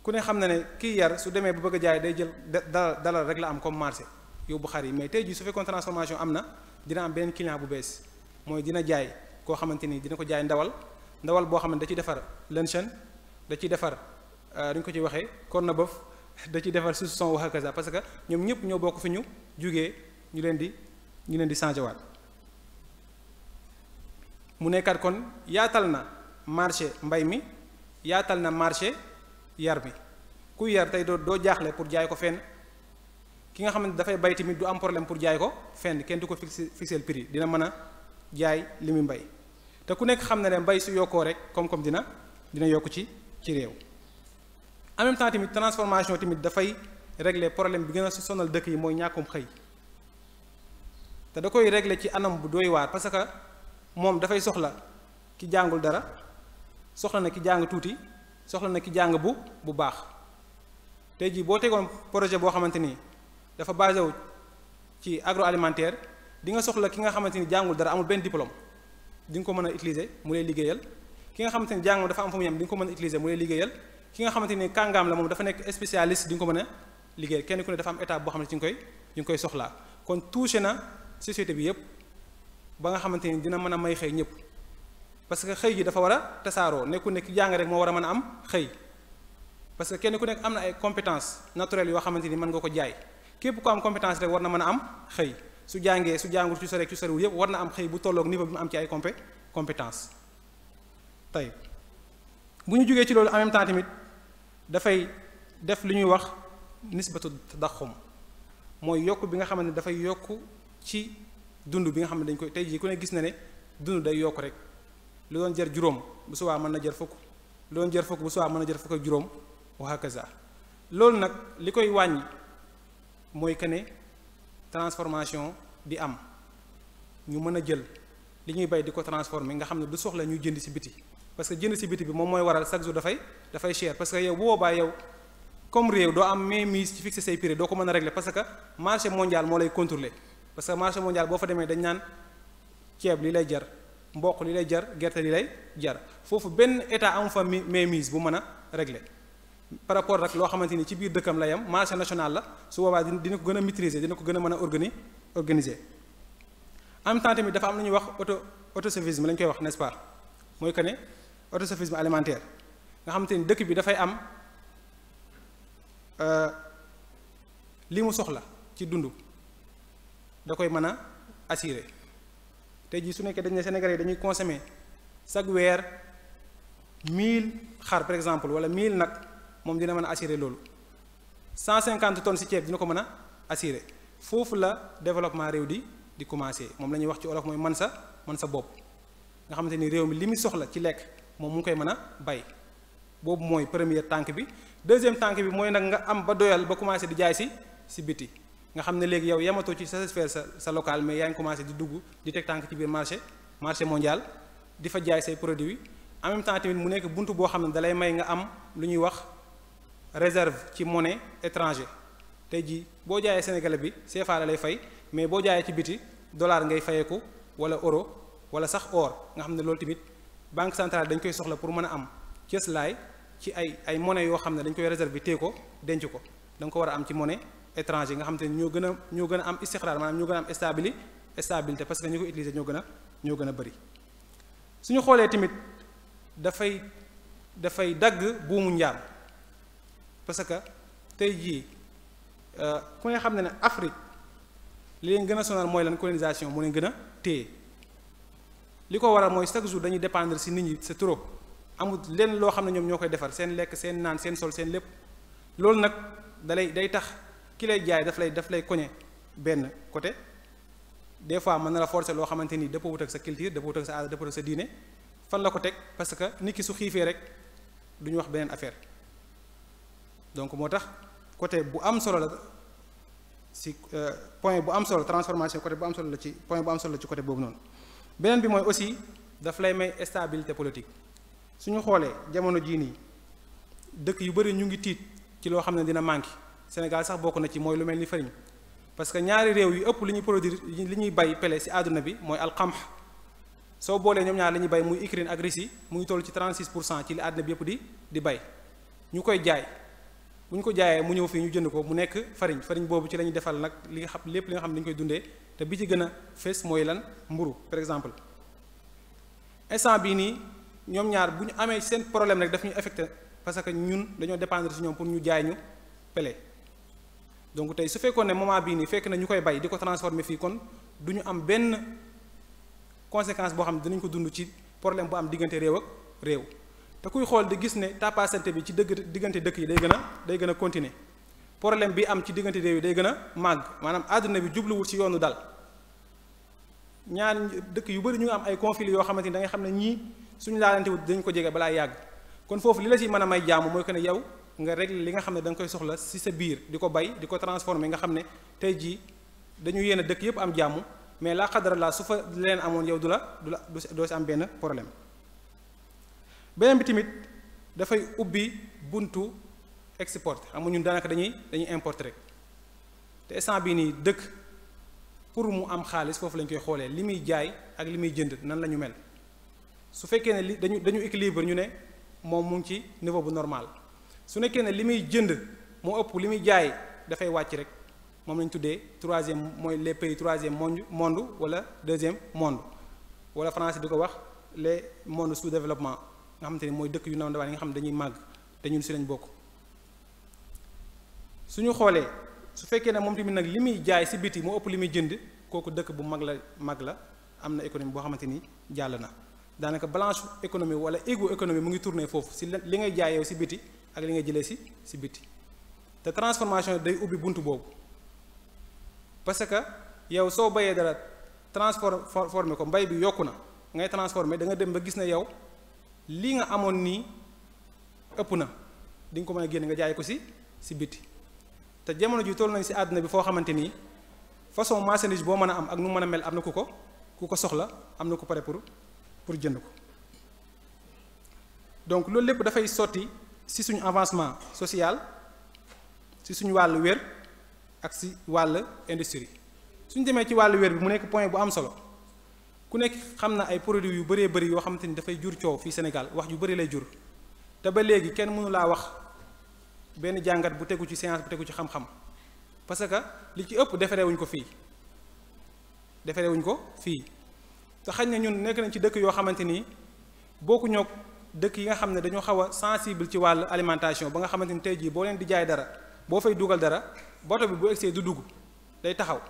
ku ne xam na ne kii yar su demee bu bëgg a jaay day jël dalal dalal rek la am comme marché yóbbu xar yi mais tey jii su fekkoon transformation am na dina am beneen client bu bees mooy dina jaay koo xamante ni dina ko jaay ndawal ndawal boo xam ne da ciy defar luncheon da ciy defar duñ euh, ko ci waxee kon na bëf da ciy defar su son wax akaza parce que ñoom ñëpp ñoo bokk fi ñu jugee ñu leen di ñu leen di changé waat mu nekkaat kon yaatal na marché mbay mi yaatal na marché yar bi kuy yar tey doo doo jaaxle pour jaay ko fenn ki nga xam xamante dafay bay tamit du am problème pour jaay ko fenn kenn du ko fixé fixé pris dina mën a jaay li mu mbay te ku nekk xam na ne mbay su yokkoo rek koom-koom dina dina yokk ci ci réew en temps tamit transformation tamit dafay régler problème bi gën a sonal dëkk yi mooy ñàkkum xëy te da koy régler ci anam bu doy waar parce que moom dafay soxla ki jàngul dara soxla na ki jàng tuuti soxla na ki jàng bu bu baax tey jii boo tegoon projet boo xamante ni dafa basé wu ci agroalimentaire di nga soxla ki nga xamante ni jàngul dara amul benn diplôme di nga ko mën a utiliser mu lay liggéeyal ki nga xamante ni jàng dafa am fu mu yem ko mën a utiliser mu liggéeyal ki nga xamante ni kàngaam la moom dafa nekk spécialiste di nga ko mën a liggéeyal kenn ku ne dafa am étape boo xam ne ci nga koy ñu ngi koy soxlaa kon touché na société bi yépp ba nga xamante ni dina mën a may xëy ñëpp parce que xëy gi dafa war a tasaaroo nekku ne ki jàng rek moo war a mën a am xëy parce que kenn ku nekk am na ay compétence naturelle yoo xamante ni mën nga ko jaay képp ko am compétence rek war na mën a am xëy su jàngee su jàngul ci sore ci sorewul yëpp war na am xëy bu tolloog niveau bi mu am ci ay compé compétence tey bu ñu jógee ci loolu en même temps tamit dafay def li ñuy wax nisbatu tadaxum mooy yokk bi nga xamante ne dafay yokk ci dund bi nga xam ne dañ koy tey jii ku ne gis na ne dund day yokk rek lu doon jar juróom bu subaa mën na jar fukk lu doon jar fukk bu subaa mën na jar fukk ak juróom wa hakaza loolu nag li koy wàññi mooy que ne transformation di am ñu mën a jël li ñuy bay di ko transformer nga xam ne du soxla ñu jënd ci biti parce que jënd ci biti bi moom mooy waral chaque jour dafay dafay cher parce que yow bu boobaa yow comme réew doo am mainmise ci fixer say prix doo ko mën a régler parce que marché mondial moo lay contrôler parce que marché mondial boo fa demee dañ naan ceeb li lay jar. mboq li lay jar gerte li lay jar foofu benn état am fa mainmise bu mën a régler par rapport rek loo xamante ni ci biir dëkkam la yam marché national la su boobaa dina ko gën a maîtriser dina ko gën a mën a organi organiser en même temps tamit dafa am lu ñuy wax auto autosuffisance la ñu koy wax n'est-ce pas mooy que ne autosuffisance alimentaire nga xamante ni dëkk bi dafay am euh, li mu soxla ci dund da koy mën a assurer te jii su nekkee dañ ne yi dañuy consommer chaque weer mille xar par exemple wala mille nag moom dina mën a assurer loolu cent cinquante tonnes ci ceeb dina ko mën a assurer foofu la développement réew di di commencer moom la ñuy wax ci olof mooy man sa man sa bopp nga xam xamante ni réew mi li muy soxla ci lekk moom mu ngi koy mën a bay boobu mooy première tànk bi deuxième tànk bi mooy nag nga am ba doyal ba commencer di jaay si si biti nga xam ne léegi yow yamatoo ci satisfaire sa sa local mais yaa ngi commencé di dugg di teg tànk ci biir marché marché mondial di fa jaay say produit en même temps mu nekk bunt boo xam ne dalay may nga am lu ñuy wax réserve ci monnaie étranger tey jii boo jaayee sénégalais bi CFA la lay fay mais boo jaayee ci biti dollar ngay fayeeku wala euro wala sax or nga xam ne loolu tamit banque centrale dañ koy soxla pour mën a am cëslaay ci ay ay monnaie yoo xam ne dañ koy bi téye ko denc ko da ko war a am ci monnaie étranger nga xam te ñoo gën a ñoo gën a am istixraar maanaam ñoo gën a am stabili stabilité parce que ñu ko utiliser ñoo gën a ñoo gën a bëri suñu xoolee tamit dafay dafay dagg buumu njaam parce que tey jii euh, ku ne xam ne ne Afrique li leen gën a sonal mooy lan colonisation mu leen gën a téye li ko waral mooy chaque jour dañuy dépendre si nit ñi c'est trop amul lenn loo xam ne ñoom ñoo koy defar seen lekk seen naan seen sol seen lépp loolu nag dalay day tax ki lay jaay daf lay daf lay koñe benn côté des fois mën na la forcer loo xamante ni dëppoo wut teg sa culture dëppoo wut ak sa aada dëppoo wut ak sa diine fan la ko teg parce que nit ki su xiifee rek du ñu wax beneen affaire donc moo tax côté bu am solo la si euh, point bu am solo transformation côté bu la ci point bu am solo la ci côté boobu noonu beneen bi mooy aussi dafa lay may stabilité politique suñu xoolee jamono jii nii dëkk yu bëri ñu ngi tiit ci loo xam ne dina manqué. Sénégal sax bokk na ci mooy lu mel ni fariñ parce que ñaari réew yu ëpp li ñuy produire li ñuy bay pele si àdduna bi mooy alqamh soo boolee ñoom ñaar li ñuy bay muy Ukraine ak Russie mu ngi toll ci 36 pour cent ci li àdduna bi yëpp di di bay ñu koy jaay bu ñu ko jaayee mu ñëw fii ñu jënd ko mu nekk fariñ fariñ boobu ci lañuy defal nag li nga xam lépp li nga xam ne dañu koy dundee te bi ci gën a fees mooy lan mburu par exemple instant bii nii ñoom ñaar bu ñu amee seen problème rek daf ñuy affecté parce que ñun dañoo dépendre si ñoom pour ñu jaay pele donc tey su fekkoon ne moment bii nii fekk na ñu koy bay di ko transformer fii kon du ñu am benn conséquence boo xam ne dinañ ko dund ci problème bu am diggante réew réew te kuy xool di gis ne tapasante bi ci dëgg diggante dëkk yi day gën a day gën a continuer problème bi am ci diggante réew day gën a màgg maanaam àdduna bi jubluwul ci yoonu dal ñaar dëkk yu bëri ñu ngi am ay conflits yoo xamante ni xam ne ñii suñu laalante wut ko jege balaa yàgg kon foofu li la ci mën a may jaamu mooy que ne yow nga régler li nga xam ne da koy soxla si sa biir di ko bay di ko transformer nga xam ne tey jii dañu yéen a dëkk yëpp am jàmm mais la xadara la su fa leen amoon yow du la du la doo si am benn problème beneen bi tamit dafay ubbi buntu export xam nga ñun daanaka dañuy dañuy importer rek te instant bii nii dëkk pour mu am xaalis foofu lañ koy xoolee li muy jaay ak li muy jënd nan la ñu mel su fekkee ne li dañu dañu équilibre ñu ne moom mu ci niveau bu normal su nekkee ne li muy jënd moo ëpp li muy jaay dafay wàcc rek moom lañu tuddee troisième mooy les pays troisième monde monde wala deuxième monde wala français di ko wax le mondes sous développement nga xamante ni mooy dëkk yu ndaw ndawaan yi nga xam ne dañuy màgg te ñun si lañu bokk suñu xoolee su fekkee ne moom tamit nag li muy jaay si biti moo ëpp li muy jënd kooku dëkk bu mag la mag la am na économie boo xamante ni jàll na daanaka balance économie wala égo économie mu ngi tourner foofu si li ngay jaay yow biti ak li nga jëlee si si biti te transformation day ubbi bunt boobu parce que yow soo bayee dara transformé ko mbay bi yokk na ngay transformé da nga dem ba gis ne yow lii nga amoon nii ëpp na di nga ko mën a génn nga jaay ko si si biti te jamono ji toll nañ si àdduna bi foo xamante nii façon marchandise boo mën a am ak nu mën a mel am na ku ko ku ko soxla am na ku pare pour pour jënd ko donc loolu lépp dafay sotti si suñu avancement sociale si suñu wàll wér ak si wàll industrie suñ demee ci wàll wér bi mu nekk point bu am solo ku nekk xam na ay produits yu bëree bëri yoo xamante ni dafay jur coow fii Sénégal wax yu bëri lay jur te ba léegi kenn mënu laa wax benn jàngat bu tegu ci science bu tegu ci xam-xam parce que li ci ëpp defaree wuñ ko fii defaree ko fii te xañ na ñun nekk nañ ci dëkk yoo xamante ni bokkuñoo dëkk yi nga xam ne dañoo xaw a sensible ci wàllu alimentation ba nga xamante ni tey jii boo leen di jaay dara boo fay dugal dara boto bi bu egsee du dugg day taxaw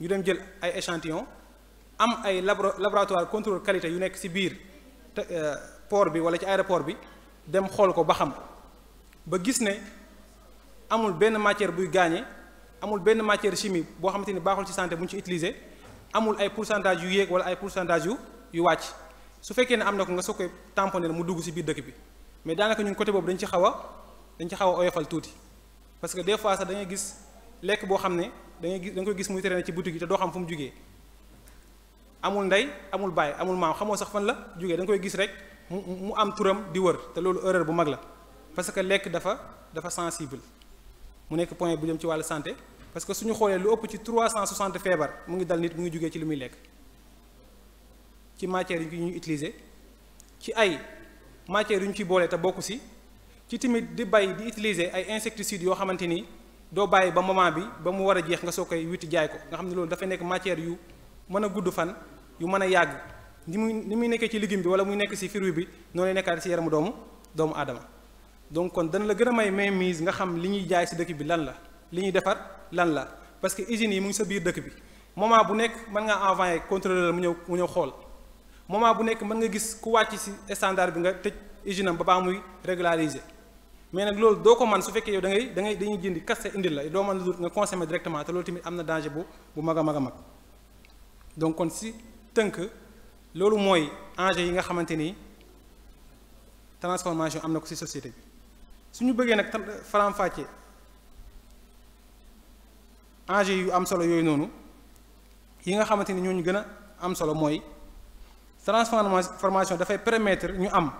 ñu dem jël ay échantillon am ay labo laboratoire contrôle qualité yu nekk ci biir te euh, port bi walla ci aéroport bi dem xool ko ba xam ba gis ne amul benn matière buy gaañe amul benn matière chimique boo xamante ni baaxul ci santé bu ñu ci utiliser amul ay pourcentage yu yéeg walla ay pourcentage yu yu wàcc su fekkee ne am na ko nga soo koy tamponné mu dugg ci biir dëkk bi mais daanaka ñun côté boobu dañ ci xaw a dañ ci xaw a oyofal tuuti parce que des fois sax da gis lekk boo xam ne da gis da nga koy gis muy traîner ci boutique doo xam fu mu jugee amul ndey amul baay amul maam xamoo sax fan la jugee da nga gis rek mu mu am turam di wër te loolu erreur bu mag la parce que lekk dafa dafa sensible mu nekk point bu jëm ci wàllu santé parce que suñu xoolee lu ëpp ci 360 feebar mu ngi dal nit mu ngi jógee ci li muy lekk. ci matières yu ñu utiliser ci ay matières yu ñu ci boole te bokk si ci tamit di bay di utiliser ay insecticides yoo xamante ni doo bàyyi ba moment bi ba mu war a jeex nga soo koy witti jaay ko nga xam ne loolu dafay nekk matière yu mën a gudd fan yu mën a yàgg ni muy ni muy nekkee ci légume bi wala mu nekk si fruit bi noonu lay nekkaat si yaramu doomu doomu aadama donc kon dana la gën a may mainmise nga xam li ñuy jaay si dëkk bi lan la li ñuy defar lan la parce que usines yi mu ngi sa biir dëkk bi moment bu nekk mën ngaa envoyé contrôleur mu ñëw mu ñëw xool moment bu nekk mën nga gis ku wàcc si standard bi nga tëj usine ba baa muy régulariser mais nag loolu doo ko man su fekkee yow da ngay da ngay dañuy jëndi kaste indil la doo man lu nga consommer directement te loolu am na danger bu bu mag a a mag donc si tënk loolu mooy enjeu yi nga xamante ni transformation am na ko si société bi ñu bëggee nag faram-fàcce enjeu yu am solo yooyu noonu yi nga xamante ni ñooñu gën a am solo mooy transformation dafay permettre ñu am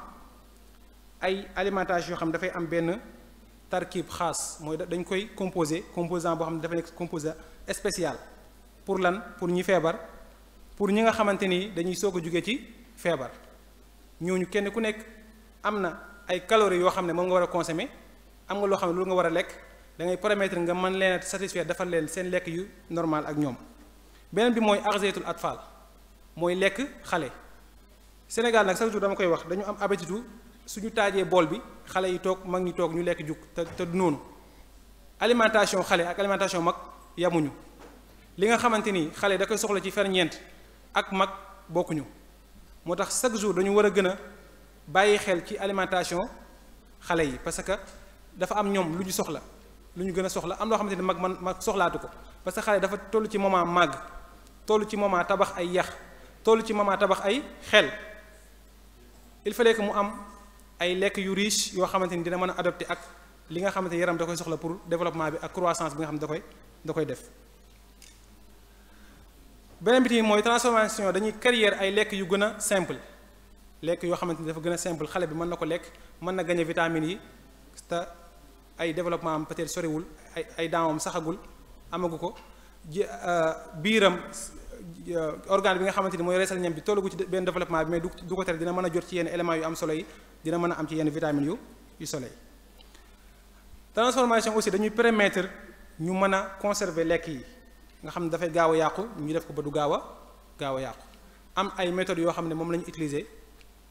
ay alimentation yoo xam ne dafay am benn tarkib xaas mooy dañ koy composé composant boo xam ne dafa nekk composant spécial pour lan pour ñi feebar pour ñi nga xamante ni dañuy soog a jugee ci feebar ñooñu kenn ku nekk am na ay calories yoo xam ne moom nga war a consommer am nga loo xam ne loolu nga war a lekk da ngay nga mën leen a dafa defal leen seen lekk yu normal ak ñoom beneen bi mooy arzeetul atfal mooy lekk xale. Sénégal nag chaque jour dama koy wax dañu am habitude suñu taajee bool bi xale yi toog mag ñi toog ñu lekk jug te te noonu alimentation xale ak alimentation mag yamuñu li nga xamante ni xale da koy soxla ci ferñeent ak mag bokkuñu moo tax chaque jour dañu war a gën a bàyyi xel ci alimentation xale yi parce que dafa am ñoom lu ñu soxla lu ñu gën a soxla am loo xamante ni mag man mag soxlaatu ko parce que xale dafa toll ci moment màgg toll ci moment tabax ay yax toll ci moment tabax ay xel. li fa que mu am ay lekk yu riche yoo xamante ni dina mën a adopté ak li nga xamante yaram da koy soxla pour développement bi ak croissance bi nga xam ne da koy da def beneen bi tamit mooy transformation dañuy carrière ay lekk yu gën a simple lekk yoo xamante ni dafa gën a simple xale bi mën na ko lekk mën na gañe vitamines yi te ay développement am peut-être soriwul ay ay daamam saxagul amagu ko ji euh, biiram Euh, organ bi nga xamante ni mooy reesal ñam bi tollagu ci benn développement bi mais du ko tere dina mën a jot ci yenn éléments yu am solo dina mën a am ci yenn vitamines yu yu soleil transformation aussi dañuy permettre ñu mën a conserver lekk yi nga xam ne dafay gaaw a yàqu ñu def ko ba du gaaw a gaaw a yàqu am ay méthodes yoo xam ne moom la ñu utiliser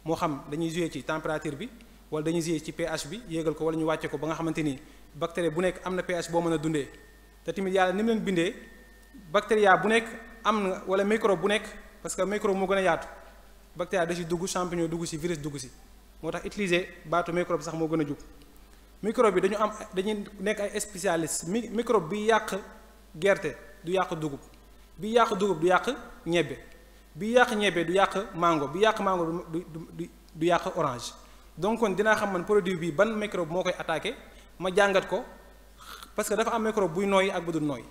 moo xam dañuy jouer ci température bi wala dañuy jouer ci pH bi yéegal ko wala ñu wàcce ko ba nga xamante ni bactérie bu nekk am na pH boo mën a dundee te tamit yàlla ni bindee bactéria bu nekk am na wala microbe bu nekk parce que microbe moo gën a yaatu bactéria da ci dugg champignon duggu ci virus dugg ci moo tax utiliser baatu microbe sax moo gën a jug microbe bi dañu am dañuy nekk ay spécialiste mi microbe bi yàq gerte du yàq dugub bi yàq dugub du yàq ñebbe bi yàq ñebbe du yàq mango bi yàq mango du du du yàq orange donc kon dinaa xam man produit bi ban microbe moo koy attaqué ma jàngat ko parce que dafa am microbe buy nooy ak bu nooy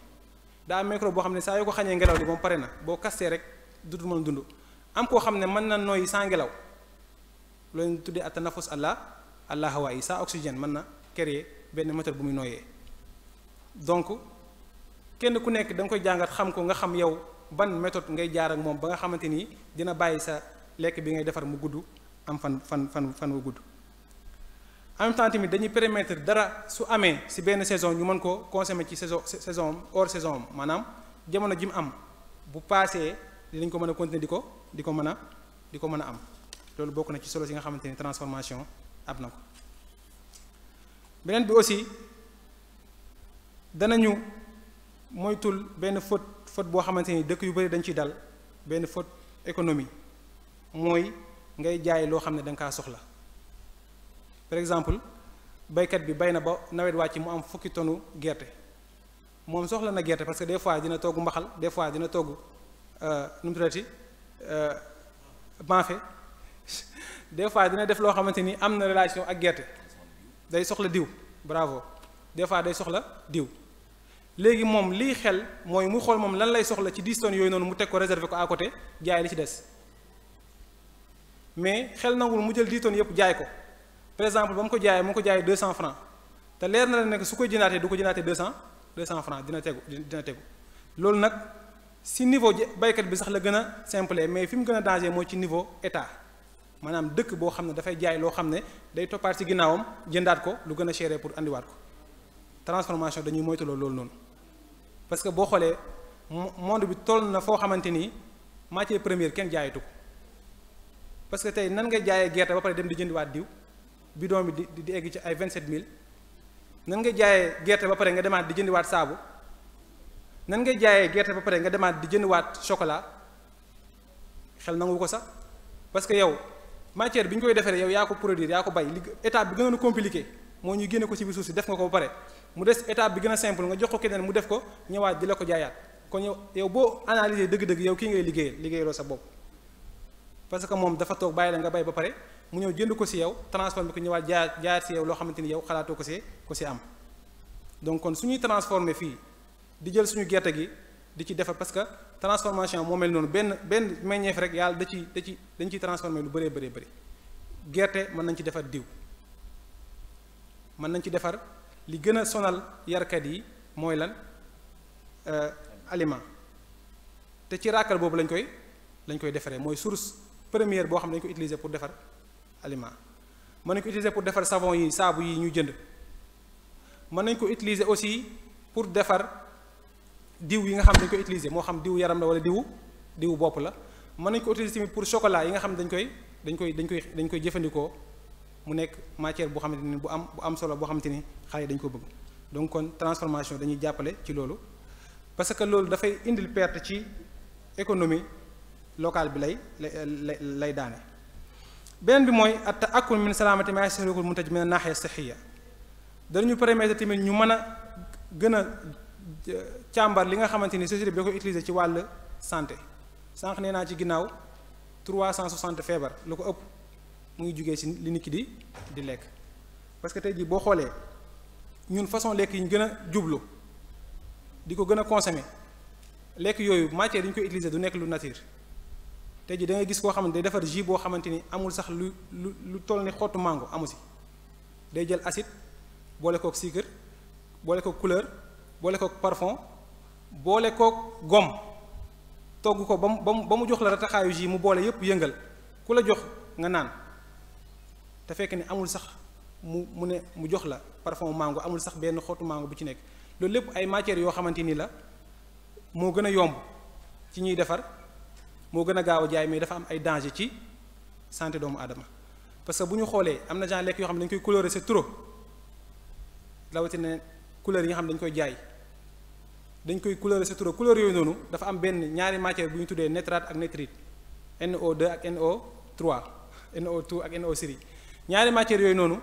daa am microbe boo xam ne saa yoo ko xañee ngelaw li moom pare na boo kastee rek du mën a dund am koo xam ne mën na nooy saa ngelaw loolu tuddee atanafus allah allah hawaa yi sans oxygène mën na kër créer benn méthode bu muy nooyee donc kenn ku nekk danga koy jàngat xam ko nga xam yow ban méthode ngay jaar ak moom ba nga xamante ni dina bàyyi sa lekk bi ngay defar mu gudd am fan fan fan fan wu gudd en même temps tamit dañuy permettre dara su amee si benn saison yu mën ko consommer ci saison saison am saison maanaam jamono ji mu am bu paasee dinañ ko mën a continuer di ko di ko mën a di ko mën a am loolu bokk na ci solo si nga xamante ni transformation ab na ko beneen bi aussi dana danañu moytul benn faute faute boo xamante ni dëkk yu bëri dañ ciy dal benn faute économie mooy ngay jaay loo xam ne da kaa soxla. par exemple baykat bi bay na ba nawet wàcc mu am fukki tonu gerte moom soxla na gerte parce que des fois dina togg mbaxal des fois dina togg euh, nu mu tuddati maafe euh, <laughs> des fois dina def loo xamante ni am na relation ak gerte day soxla diw bravo des fois day soxla diw léegi moom lii xel mooy mu xool moom lan lay soxla ci 10 tonnes yooyu noonu mu teg ko réserver ko à côté jaay li ci des mais xel nangul mu jël 10 tonnes yëpp jaay ko par exemple ba mu ko jaayee mu ko jaayee deux cent francs te leer na la nekk su ko jënaatee du ko jënaatee deux cent deux cent francs dina tegu dina tegu loolu nag si niveau baykat bi sax la gën a simple mais fi mu gën a danger mooy ci niveau état maanaam dëkk boo xam ne dafay jaay loo xam ne day toppaat ci ginnaawam jëndaat ko lu gën a cher pour indiwaat ko transformation dañuy moytuloo loolu noonu parce que boo xoolee monde bi toll na foo xamante ni matière première kenn jaayatu ko parce que tey nan nga jaayee gerte ba pare dem di jëndiwaat diw. bidon bi di di egg ci ay vingt-sept mille nan nga jaayee gerte ba pare nga demaat di jëndiwaat saabu nan ngay jaayee gerte ba pare nga demaat di jëndiwaat chocolat xel nangu ko sax parce que yow matière bi ñu koy defaree yow yaa ko produire yaa ko bay li étape bi gënoon a moo ñuy génne ko ci si def nga ko pare mu des étape bi gën a simple nga jox ko keneen mu def ko ñëwaat di la ko jaayaat kon yow yow boo analyser dëgg-dëgg yow kii ngay liggéeyal liggéeyaloo sa bopp parce que moom dafa toog bàyyi la nga bay ba pare. mu ñëw jënd ko si yow transformé ko ñëwaat jaar jaar si yow loo xamante ni yow xalaatoo ko see ko si am donc kon suñuy transformé fii di jël suñu gerte gi di ci defar parce que transformation moo mel noonu benn benn meññeef rek yàlla da ci da ci dañ ciy lu bëree bëree bëri gerte mën nañ ci defar diw mën nañ ci defar li gën a sonal yarkat yi mooy lan euh, aliment te ci ràkkal boobu lañ koy lañ koy defaree mooy source première boo xam ne dañ ko utiliser pour defar aliment mën nañ ko utiliser pour defar savon yi saabu yi ñu jënd mën nañ ko utiliser aussi pour defar diw yi nga xam dañ koy utiliser moo xam diw yaram la wala diw diw bopp la mën nañ ko utiliser pour chocolat yi nga xam dañ koy dañ koy dañ koy dañ koy jëfandikoo mu nekk matière boo xamante ni bu am bu am solo boo xamante ni xale yi dañ ko bëgg donc kon transformation dañuy jàppale ci loolu parce que loolu dafay indil perte ci économie locale bi lay lay daane. beneen bi mooy at akul min salaamati ma yasirukul muntaj min naaxiya saxiya danañu permettre tamit ñu mën a gën a càmbar li nga xamante ni société bi da koy utiliser ci wàll santé sànq nee naa ci ginnaaw cent 360 feebar lu ko ëpp mu ngi jugee ci li nit di di lekk parce que tey jii boo xoolee ñun façon lekk yi ñu gën a jublu di ko gën a consommer lekk yooyu matière yi ñu koy utiliser du nekk lu nature tey ji da gis koo xamante day defar jus boo xamante ni amul sax lu lu lu toll ni xottu mango amu si day jël acide boole kook sucre boole kook couleur boole kook parfum boole kook gom togg ko ba mu ba mu jox la rataxaayu jus mu boole yépp yëngal ku la jox nga naan te fekk ni amul sax mu mu ne mu jox la parfum mango amul sax benn xottu màngo bu ci nekk loolu lépp ay matières yoo xamante ni la moo gën a yomb ci ñuy defar moo gën a gaaw a jaay mais dafa am ay danger ci santé doomu aadama parce que bu ñu xoolee am na genre lekk yoo xam ne dañ koy coloré c'est trop rawatina couleur yi nga xam ne dañ koy jaay dañ koy couleur sa trop couleur yooyu noonu dafa am benn ñaari matière bu ñu tuddee nitrate ak nitrite NO2 ak NO3 NO2 ak NO3 ñaari matières yooyu noonu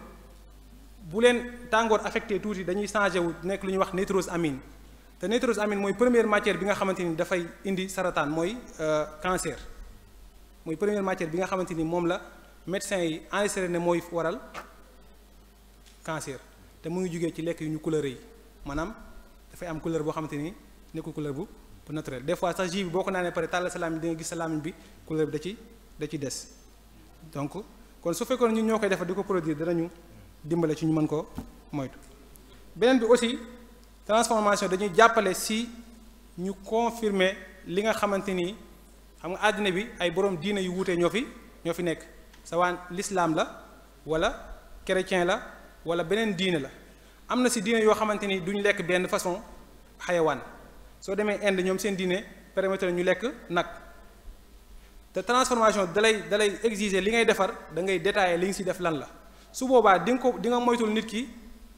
bu leen tàngoor affecté tuuti dañuy changé wu nekk lu ñuy wax nitrosamine te nitrosamine mooy première matière bi nga xamante ni dafay indi sarataan mooy euh, cancer mooy première matière bi nga xamante ni moom la médecin yi enregistré ne mooy waral cancer te mu ngi jógee ci lekk yu ñu couleur yi maanaam dafay am couleur boo xamante ni nekkul couleur bu bu naturel des fois sax jus boo ko naanee pare tàllal sa làmmiñ bi di nga gis sa bi couleur bi da ci da ci des donc kon su fekkoon ñu ñoo koy defar di ko produire danañu dimbale ci ñu mën ko moytu transformation dañuy jàppale si ñu confirmer li nga xamante ni xam nga àddina bi ay borom diine yu wutee ñoo fi ñoo fi nekk sa lislaam la wala chrétien la wala beneen diine la am na si diine yoo xamante ni duñu lekk benn façon xayawaan soo demee Inde ñoom seen diine permettre ñu lekk nag te transformation dalay dalay exiger li ngay defar da ngay détailler li nga si def lan la su boobaa di nga ko di nga moytul nit ki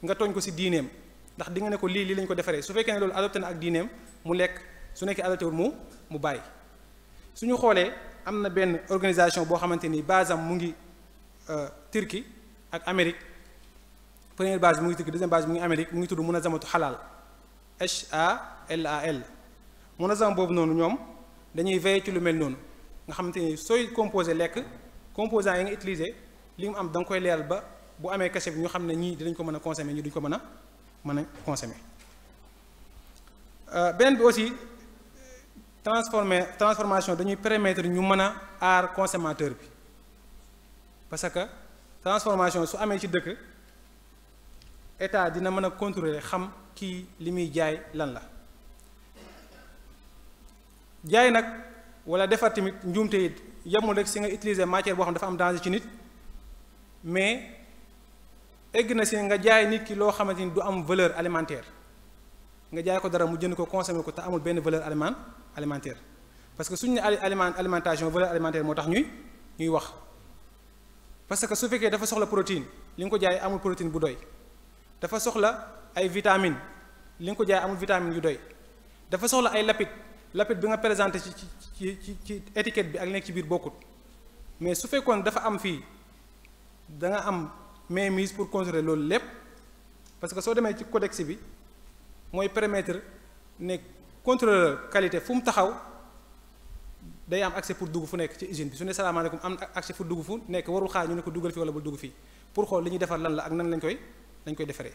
nga tooñ ko si diineem. ndax di nga ne ko lii lii lañ ko defaree su fekkee ne loolu adopté na ak diineem mu lekk su nekkee adopté wul mu mu bàyyi ñu xoolee am na benn organisation boo xamante ni base am mu ngi euh, Turquie ak Amérique première base mu ngi Turquie deuxième base mu ngi Amérique mu ngi tudd munazamatu xalaal H A L A L munazam boobu noonu ñoom dañuy veiller ci lu mel noonu nga xamante ni sooy composé lekk composant yi nga utilisé li mu am da koy leeral ba bu amee cachet bi ñu xam ne ñii dinañ ko mën a consommer ñii duñ ko mën a mën a consommer euh, beneen bi aussi transformer transformation dañuy permettre ñu mën a aar consommateur bi parce que transformation su amee ci dëkk état dina mën a contrôler xam kii li muy jaay lan la jaay nag wala defar tamit njuumte it yemul rek si nga utiliser matière boo xam dafa am danger ci nit mais egg na si nga jaay nit ki loo xamante ni du am valeur alimentaire nga jaay ko dara mu jënd ko consommer ko te amul benn valeur aliment alimentaire parce que suñu ne aliment alimentation valeur alimentaire moo tax ñuy ñuy wax parce que su fekkee dafa soxla protéine li nga ko jaay amul protéine bu doy dafa soxla ay vitamine li nga ko jaay amul vitamine yu doy dafa soxla ay lapide lapide bi nga présenté ci ci ci ci étiquette bi ak nekk ci biir bokkut mais su fekkoon dafa am fii da nga am. mais mainmise pour contrôler loolu lépp parce que soo demee ci codex bi mooy permettre ne contrôleur qualité fu mu taxaw day am accès pour dugg fu nekk ci usine bi su ne salaamaaleykum am accès pour dugg fu nekk warul xaar ñu ne ko duggal fii wala bu dugg fii pour xool li ñuy defar lan la ak nan lañ koy lañ koy defaree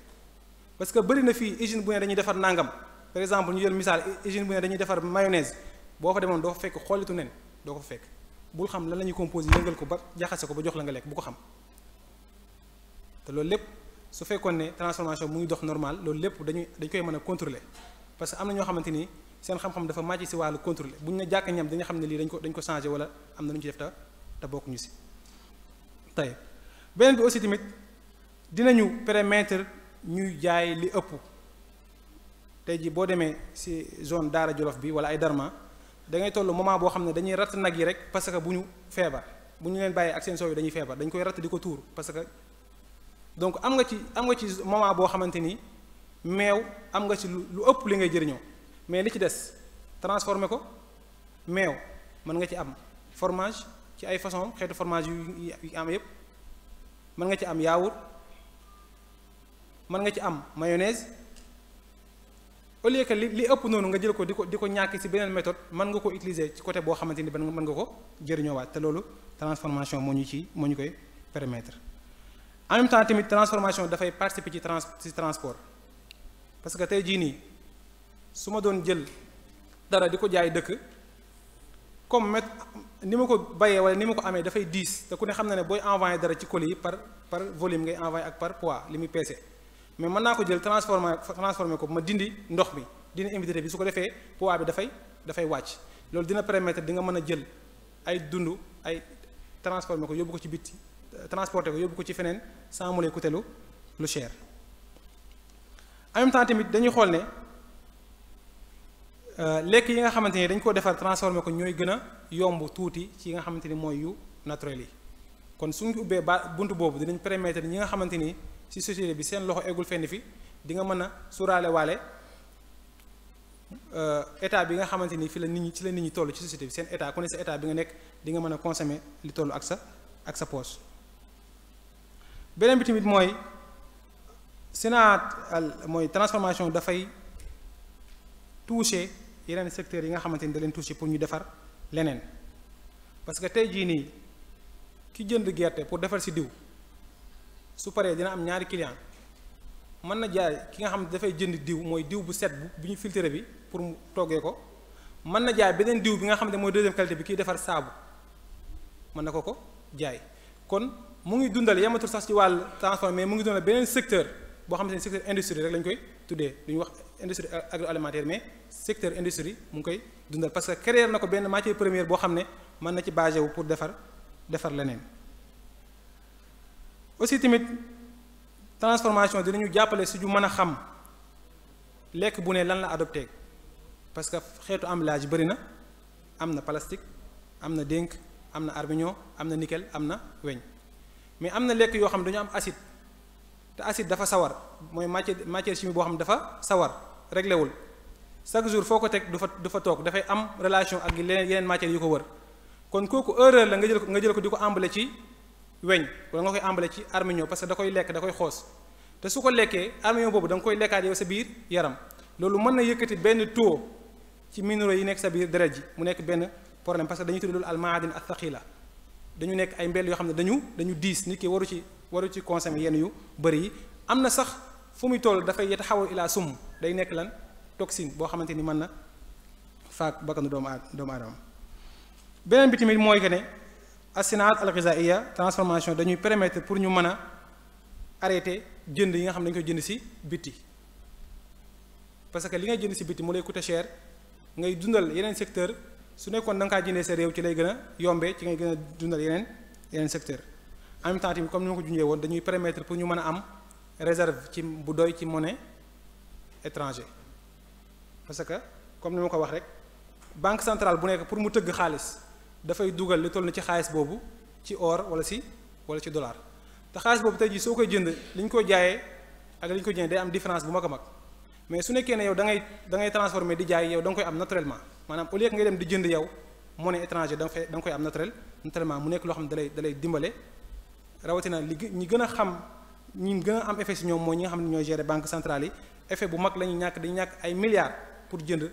parce que bëri na fii usine bu ne dañuy defar nangam par exemple ñu jël misaal usine bu ne dañuy defar mayonnaise boo fa demoon doo fa fekk xoolitu nen doo ko fekk bul xam lan la ñuy composé yëngal ko ba jaxase ko ba jox la nga lekk bu ko xam te loolu lépp su fekkoon ne transformation mu ngi dox normal loolu lépp dañuy dañ koy mën a contrôler parce que am na ñoo xamante ni seen xam-xam dafa màcc si wàllu contrôler bu ñu ne jàkk ñam dañu xam ne lii dañ ko dañ ko changé wala am na lu ñu def ta te bokkuñu si tey beneen bi aussi tamit dinañu permettre ñuy jaay li ëpp tey ji boo demee si zone Daara Jolof bi wala ay Darma da ngay toll moment boo xam ne dañuy ratt nag yi rek parce que bu ñu feebar bu ñu leen bàyyee ak seen soow yi dañuy feebar dañ koy ratt di ko tuur parce que donc am nga ci am nga ci moment boo xamante ni meew am nga ci lu ëpp li ngay jëriñoo mais li ci des transformé ko meew mën nga ci am fromage ci ay façon xeetu fromage yu yu am yëpp mën nga ci am yaourt mën nga ci am mayonnaise au lieu li li ëpp noonu nga jël ko di ko di ko ñàkk ci beneen méthode mën nga ko utiliser ci côté boo xamante ni ban mën nga ko jëriñoowaat loolu transformation moo ñu ci moo ñu koy permettre en même tamit transformation dafay participer ci trans ci transport parce que tey jii nii su ma doon jël dara di ko jaay dëkk comme met ni ma ko bayee wala ni ma ko amee dafay diis te ku ne xam na ne booy envoyé dara ci colis yi par par volume ngay envoyé ak par poids li muy mais mën naa ko jël transforma transformé ko ma dindi ndox mi dina invité bi su ko defee poids bi dafay dafay wàcc loolu dina permettre di nga mën a jël ay dund ay transformé ko yóbbu ko ci bitti transporter ko yóbbu ko ci feneen sans mu lay lu lu cher en temps tamit dañuy xool ne euh, lekk yi nga xamante ni dañ koo defar transformer ko ñooy gën a yomb tuuti ci yi nga xamante ni mooy yu naturel yi kon suñ ubbee ba bunt boobu dinañ permettre ñi nga xamante ni ci société bi seen loxo eggul fenn fi di nga mën a sóoraale waale euh, état bi nga xamante ni fi la nit ñi ci la nit toll ci société bi seen état ku ne sa état bi nga nekk di nga mën a consommer li toll ak sa ak sa poche. beneen bi tamit mooy Sénat mooy transformation dafay toucher yeneen secteurs yi nga xamante ni da leen toucher pour ñu defar leneen parce que tey jii nii ki jënd gerte pour defar ci diw su paree dina am ñaari client mën na jaay ki nga xam dafay jënd diw mooy diw bu set bu bu ñu filtré bi pour mu toggee ko mën na jaay beneen diw bi nga xam ne mooy deuxième qualité bi kiy defar saabu mën na ko ko jaay kon. mu ngi dundal yematul sax ci wàll transformé mais mu ngi dundal beneen secteur boo xam ne secteur industrie rek lañ koy tuddee duñu wax industrie agroalimentaire mais secteur industrie mu ngi koy dundal parce que créer na ko benn matière première boo xam ne mën na ci basé wu pour defar defar leneen aussi tamit transformation dinañu jàppale su ñu mën a xam lekk bu ne lan la adopté parce que xeetu emballage bëri na am na plastique am na dénk am na armignon am na nickel am na weñ mais am na lekk yoo xam ne dañu am acide te acide dafa sawar mooy matière matière chimique boo xam ne dafa sawar réglé wul chaque foo ko teg du fa du fa toog dafay am relation ak leneen yeneen matières yu ko wër kon kooku erreur la nga jël ko nga jël ko di ko emballé ci weñ wala nga koy emballé ci armignon parce que da koy lekk da koy xoos te su ko lekkee armignon boobu da koy lekkaat yow sa biir yaram loolu mën na yëkkati benn taux ci minéraux yi nekk sa biir deret ji mu nekk benn problème parce que dañuy tudd loolu al maadin al dañu nekk ay mbel yoo xam ne dañu dañu diis nit ki waru ci waru ci consommer yenn yu bëri yi am na sax fu muy toll dafay yeta xaw ilaa summ day nekk lan toxine boo xamante ni mën na faak bakkanu doomu a doomu beneen bi tamit mooy que ne asinaat alxisaiya transformation dañuy permettre pour ñu mën a arrêter jënd yi nga xam ne dañu koy jënd ci bitti parce que li ngay jënd ci bitti mu lay coûter cher ngay dundal yeneen secteur su nekkoon da nga jëndee sa réew ci lay gën a yombee ci ngay gën a dundal yeneen yeneen secteur en temps comme ni ma ko junjee woon dañuy permettre pour ñu mën a am réserve ci bu doy ci monnaie étranger parce que comme ni ma ko wax rek banque centrale bu nekk pour mu tëgg xaalis dafay dugal li toll na ci xaalis boobu ci or wala si wala ci dollar te xaalis boobu tey jii soo koy jënd li ñu koy jaayee ak li ñu koy jënd day am différence bu mag a mag mais su nekkee ne yow da ngay da ngay transformer di jaay yow da nga koy am maanaam au lieu que ngay dem di jënd yow monnaie étranger da nga fay da nga koy am naturel naturellement mu nekk loo xam dalay dimbale rawatina li ñi gën a xam ñi gën a am effet si ñoom mooy ñi nga xam ne ñooy gérer banque centrale yi effet bu mag la ñu ñàkk di ñàkk ay milliards pour jënd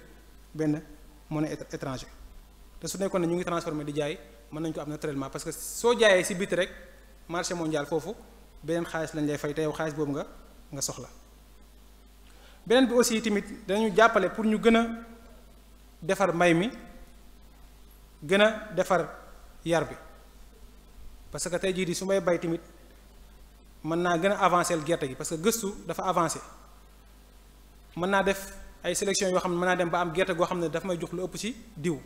benn monnaie étranger te su nekkoon ne ñu ngi transformé di jaay mën nañ ko am naturellement parce que soo jaayee si biti rek marché mondial foofu beneen xaalis lañ lay fay te y xaalis boobu nga nga soxla beneen bi tamit dañu jàppale pour ñu gën a defar mbay mi gën a defar yar bi parce que tey jii di su may bay tamit mën naa gën a avancer gerte gi parce que gëstu dafa avancer mën naa def ay sélection yoo xam ne mën naa dem ba am gerte goo xam ne dafa may jox lu ëpp ci diw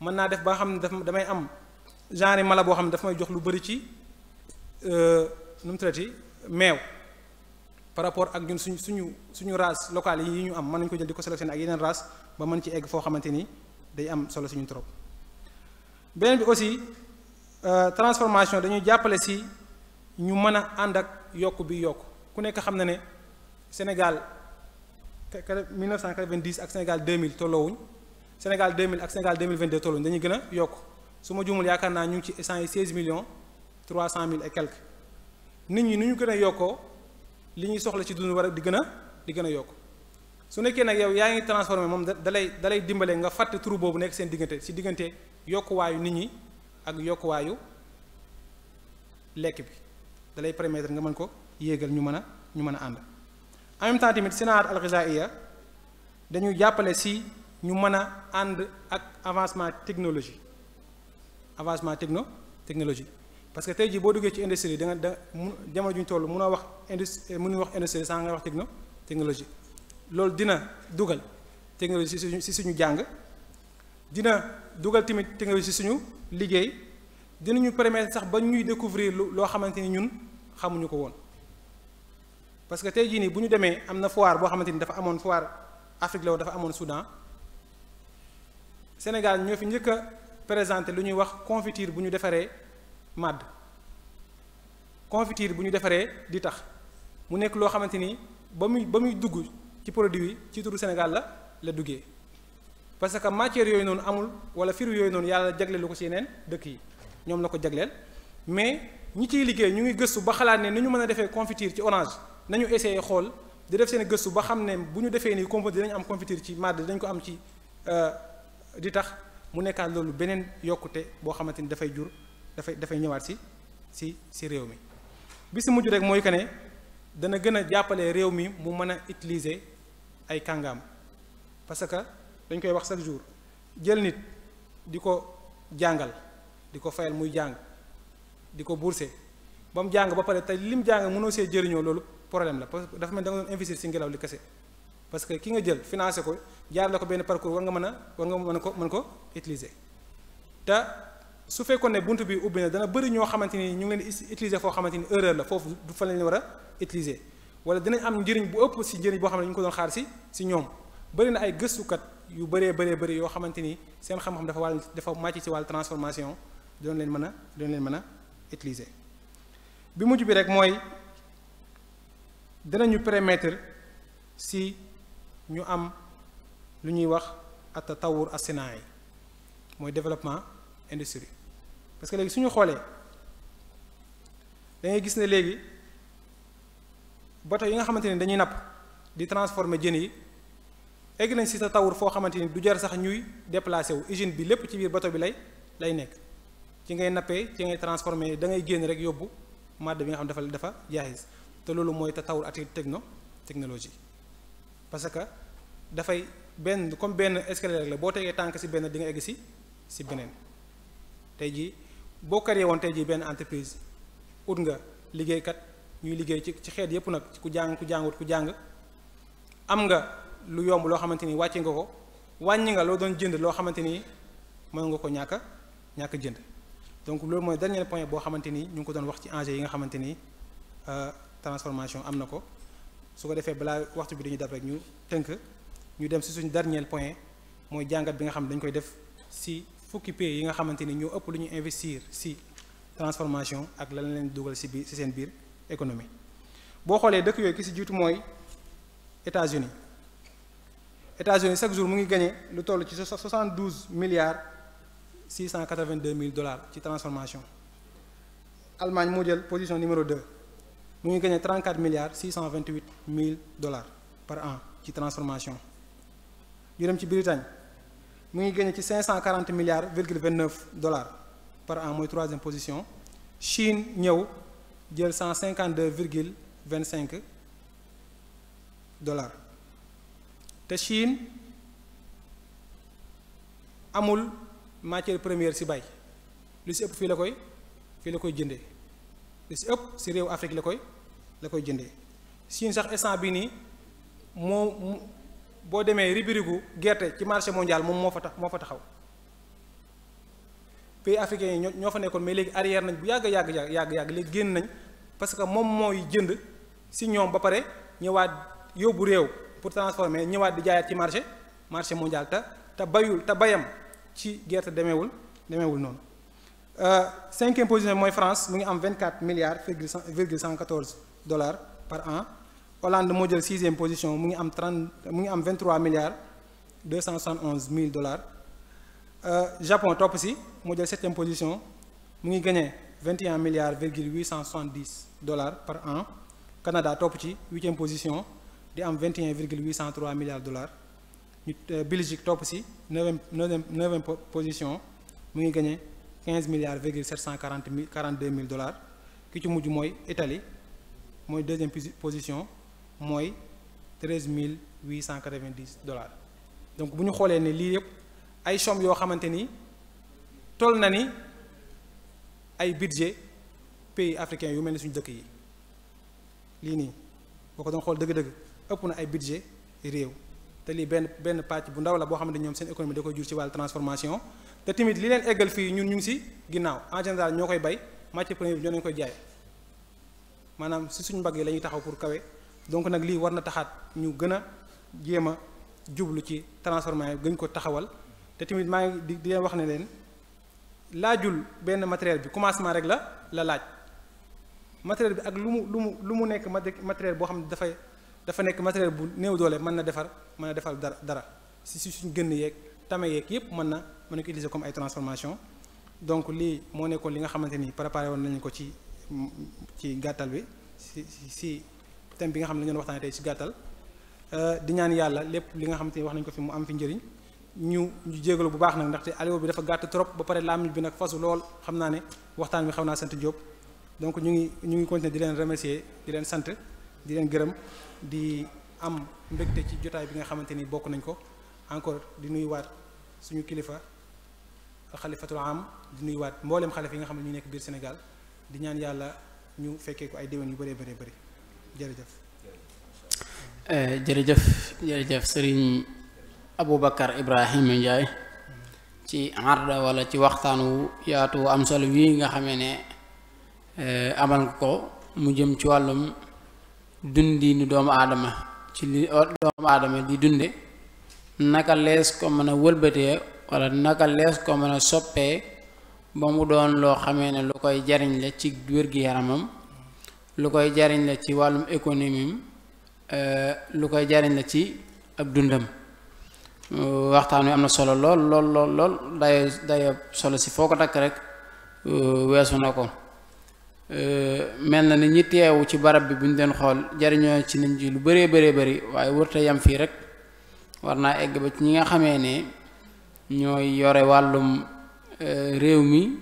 mën naa def ba xam ne daf damay am genre mala boo xam ne dafa may jox lu bari ci euh, nu mu traité meew. par rapport ak ñun suñ suñu suñu race locale yi ñu am mën nañu ko jël di ko sélectionné ak yeneen race ba mën ci egg foo xamante ni day am solo suñu trop beneen bi aussi euh, transformation dañuy jàppale si ñu mën a ànd ak yokk bi yokk ku nekk xam na ne Sénégal 1990 ak Sénégal 2000 tolloowuñ Sénégal 2000 ak Sénégal 2022 tolloowuñ dañuy gën a yokk su ma juumul yaakaar naa ñu ci ci cent seize million trois cent mille et quelque nit ñi nu ñu gën a yokkoo li ñuy soxla ci dund war a di gën a di gën a yokk su nekkee nag yow yaa ngi transformé moom da dalay da dimbale nga fàtte trou boobu nekk seen diggante si diggante yokkuwaayu nit ñi ak yokkuwaayu lekk bi dalay lay nga mën ko yéegal ñu mën a ñu mën a ànd en même temps tamit sénaat ya dañuy jàppale si ñu mën a ànd ak avancement technologie avancement techno technologie parce que tey jii boo duggee ci industrie danga nga da mu jamono ju ñu toll eh, mun a wax industrie mun wax industrie sans nga wax techno technologie loolu dina dugal technologie si suñu jàng dina dugal tamit technologie si suñu liggéey dinañu permettre sax ba ñuy découvrir lu loo xamante ni ñun xamuñu ko woon parce que tey jii nii bu ñu demee am na foire boo xamante ni dafa amoon foire Afrique la woon dafa amoon Soudan Sénégal ñoo fi njëkk a présenté lu ñuy wax confitir bu ñu defaree. màdd confiture bu ñu defaree di tax mu nekk loo xamante ni ba muy ba muy dugg ci produit yi ci turu Sénégal la la duggee parce que matière yooyu noonu amul wala firu yooyu noonu yàlla jagleelu ko ci yeneen dëkk yi ñoom la ko jagleel mais ñi ciy liggéey ñu ngi gëstu ba xalaat ne ni ñu mën a defee confiture ci orange nañu essayé xool di def seen gëstu ba xam ne bu ñu defee nii composé dinañ am confiture ci màdd dinañ ko am ci euh, di tax mu nekkaat loolu beneen yokkute boo xamante ni dafay jur dafay dafay ñëwaat si si si réew mi bi si mujj rek mooy que ne dana gën a jàppale réew mi mu mën a utiliser ay kàngam parce que dañ koy wax chaque jour jël nit di ko jàngal di ko fayal muy jàng di ko bourser ba mu jàng ba pare te lim jàng mënoo see jëriñoo loolu problème la parce que dafa mel da doon investir si ngelaw li kese parce que ki nga jël financé ko jaar la ko benn parcours war nga mën a war nga mën ko mën ko utiliser te su fekkoon ne bunt bi ubbi na dana bëri ñoo xamante ni ñu ngi leen di utiliser foo xamante ni la foofu du fa leen war a utiliser wala dinañ am njëriñ bu ëpp si njëriñ boo xam ne ñu ko doon xaar si si ñoom bëri na ay gëstukat yu bëree bëree bëri yoo xamante ni seen xam-xam dafa wàll dafa màcc si wàll transformation doon leen mën a doon leen mën a utiliser bi mujj bi rek mooy ñu permettre si ñu am lu ñuy wax at tatawur yi mooy développement industrie parce que léegi suñu xoolee dangay gis ne léegi bato yi nga xamante ni dañuy napp di transformer jën yi egg nañ ci tatawur foo xamante ni du jar sax ñuy déplacé wu usine bi lépp ci biir bato bi lay lay nekk ci ngay nappee ci ngay transformer da ngay génn rek yóbbu màdd bi nga xam dafa dafa jaayis te loolu mooy tatawur ak techno technologie parce que dafay benn comme benn escalier rek la boo tegee tànk ci benn di nga egg si ci beneen tey jii boo créé woon tey jii benn entreprise ut nga liggéeykat ñuy liggéey ci ci xeet yépp nag ku jàng ku jàngut ku jàng am nga lu yomb loo xamante ni wàcce nga ko wàññi nga loo doon jënd loo xamante ni mën nga ko ñàkk ñàkk jënd donc loolu mooy dernier point boo xamante ni ñu ngi ko doon wax ci enjeu yi nga xamante ni euh, transformation am na ko su ko defee balaa waxtu bi dañu dab rek ñu tënk ñu dem si suñu dernier point mooy jàngat bi nga xam ne dañ koy def si fukki pays yi nga xamante ni ñoo ëpp lu ñu investir ci transformation ak lan leen dugal ci biir ci seen biir économie boo xoolee dëkk yooyu ki ci jiitu mooy États-Unis États-Unis chaque jour mu ngi gagné lu toll ci soixante douze milliards six cent quatre vingt deux mille dollars ci transformation Allemagne moo jël position numéro deux mu ngi gagné trente quatre milliards six cent vingt huit mille dollars par an ci transformation ñu dem ci Bretagne. mu ngi génne ci cinq cent quarante milliards virgule vingt neuf dollars par an mooy troisième position Chine ñëw jël cent cinquante deux virgule vingt cinq dollars te Chine amul matière première si bay lu si ëpp fii la koy fii la koy jëndee lu si ëpp si réew Afrique la koy la koy jëndee Chine sax instant bii nii moo boo demee ribirigu gerte ci marché mondial moom moo fa tax moo fa taxaw pays africains yi ñoo fa nekkoon mais léegi arrière nañ bu yàgg yàgg yàgg yàgg léegi génn nañ parce que moom mooy jënd si ñoom ba pare ñëwaat yóbbu réew pour transformer ñëwaat bi jaayaat ci marché marché mondial te te bayul te bayam ci gerte demeewul demeewul noonu euh, cinquième position mooy France mu ngi am vingt quatre milliards virgule cent virgule cent quatorze dollars par an. Hollande moo jël sixième position mu ngi am trente ngi am vingt trois milliards deux cent soixante onze mille dollars euh, Japon topp si moo jël septième position mu ngi gagné vingt et un milliards virgule huit cent soixante dix dollars par an Canada topp ci huitième position di am vingt et un virgule cent trois milliards dollars ñu euh, Belgique topp si neuvième neuvième neuvième position mu ngi gagné quinze milliards virgule sept cent quarante mille quarante deux mille dollars ki ci mujj mooy Italie mooy deuxième position. mooy treize mille huit cent quatre-vingt-dix dollars donc bu ñu xoolee ne lii yëpp ay somme yoo xamante ni toll na ni ay budget pays africain yu mel ni suñ dëkk yi lii nii boo ko doon xool dëgg-dëgg ëpp na ay budget réew te lii benn benn pàcc bu ndaw la boo xamante ñoom seen économie da koy jur ci wàllu transformation te tamit li leen eggal fii ñun ñu ngi si ginnaaw en général ñoo koy bay matière première bi ñoo leen koy jaay maanaam si suñu mbagg yi lañuy taxaw pour kawe donc nag lii war na taxaat ñu gën a jéem a jublu ci transformation yi gën ko taxawal te tamit maa ngi di di leen wax ne leen laajul benn matériel bi commencement rek la la laaj matériel bi ak lu mu lu mu lu mu nekk matériel boo xam ne dafay dafa nekk matériel bu néew doole mën na defar mën na defar dara dara si si suñ gën yéeg tame yeeg yépp mën na mën na ko utiliser comme ay transformation donc lii moo nekkoon li nga xamante ni préparé woon nañu ko ci ci gàttal bi si. thème bi nga xam ne ñoon waxtaanee tey ci gàttal euh, di ñaan yàlla lépp li nga xamante te wax nañ ko fi mu am fi njëriñ ñu ñu jégalu bu baax nag ndaxte alio bi dafa gàtt trop ba pare laamit bi nag fasu lool xam naa ne waxtaan bi xam naa sant Diop donc ñu ngi ñu ngi continuer di leen remercier di leen sant di leen gërëm di am mbégte ci jotaay bi nga xamante ni bokk nañ ko encore di nuyuwaat suñu kilifa xalifatul am di nuyuwaat mboolem xalifa yi nga xam ne ñu nekk biir Sénégal di ñaan yàlla ñu fekkee ko ay déwén yu bëree bëree bëri. Eh, jërëjëf jërëjëf jërëjëf sëriñ Aboubacar Ibrahima Ndiaye ci arda wala ci waxtaan wu yaatu am solo wi nga xamee ne eh, amal ko mu jëm ci wàllum dundinu doomu aadama ci li doomu aadama di dunde naka lees ko mën a wëlbate wala naka lees ko mën a soppee ba mu doon loo xamee ne lu koy jariñ la ci wér-gi-yaramam lu koy jariñ la ci wàllum économie euh, lu koy jariñ la ci ab dundam euh, waxtaan wi am na solo lool lool lool lool dayo solo si foo ko dakk rek euh, weesu na ko mel na ni ñi teewu ci barab bi bu ñu leen xool jariñoo ci nañ ji lu bëree bëree bëri waaye wërta yam fii rek war naa egg ba ñi nga xamee ne ñooy yore wàllum réew mi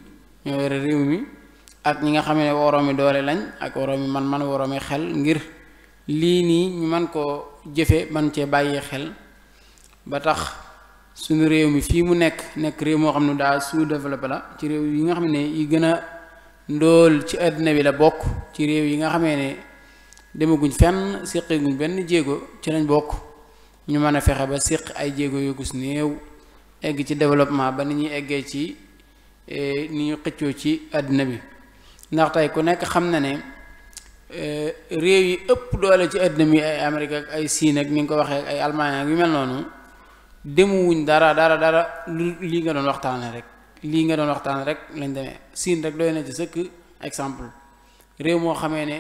ñooy yore réew mi ak ñi nga xam ne woroomi doole lañ ak woroom woroomi man-man woroomi xel ngir lii nii ñu man koo jëfee man cee bàyyee xel ba tax suñu réew mi fii mu nekk nekk réew moo xam ne daal sous-développé la ci réew yi nga xam ne yi gën a ndool ci àddina bi la bokk ci réew yi nga xamee ne demaguñ fenn séqeeguñ benn jéego ci lañ bokk ñu mën a fexe ba séq ay jéego yu gis néew egg ci développement ba ni ñuy eggee ci eh, ni ñu xëccoo ci àddina bi ndax tey ku nekk xam na ne eh, réew yi ëpp doole ci àddina mi ay Amérique ak ay Siin ak ni nga ko waxee ay Allemagne ak yu mel noonu demuwuñ dara dara dara lu lii nga doon waxtaane rek lii nga doon waxtaan rek lañ demee Siin rek doy na ci sëkk exemple réew moo xamee ne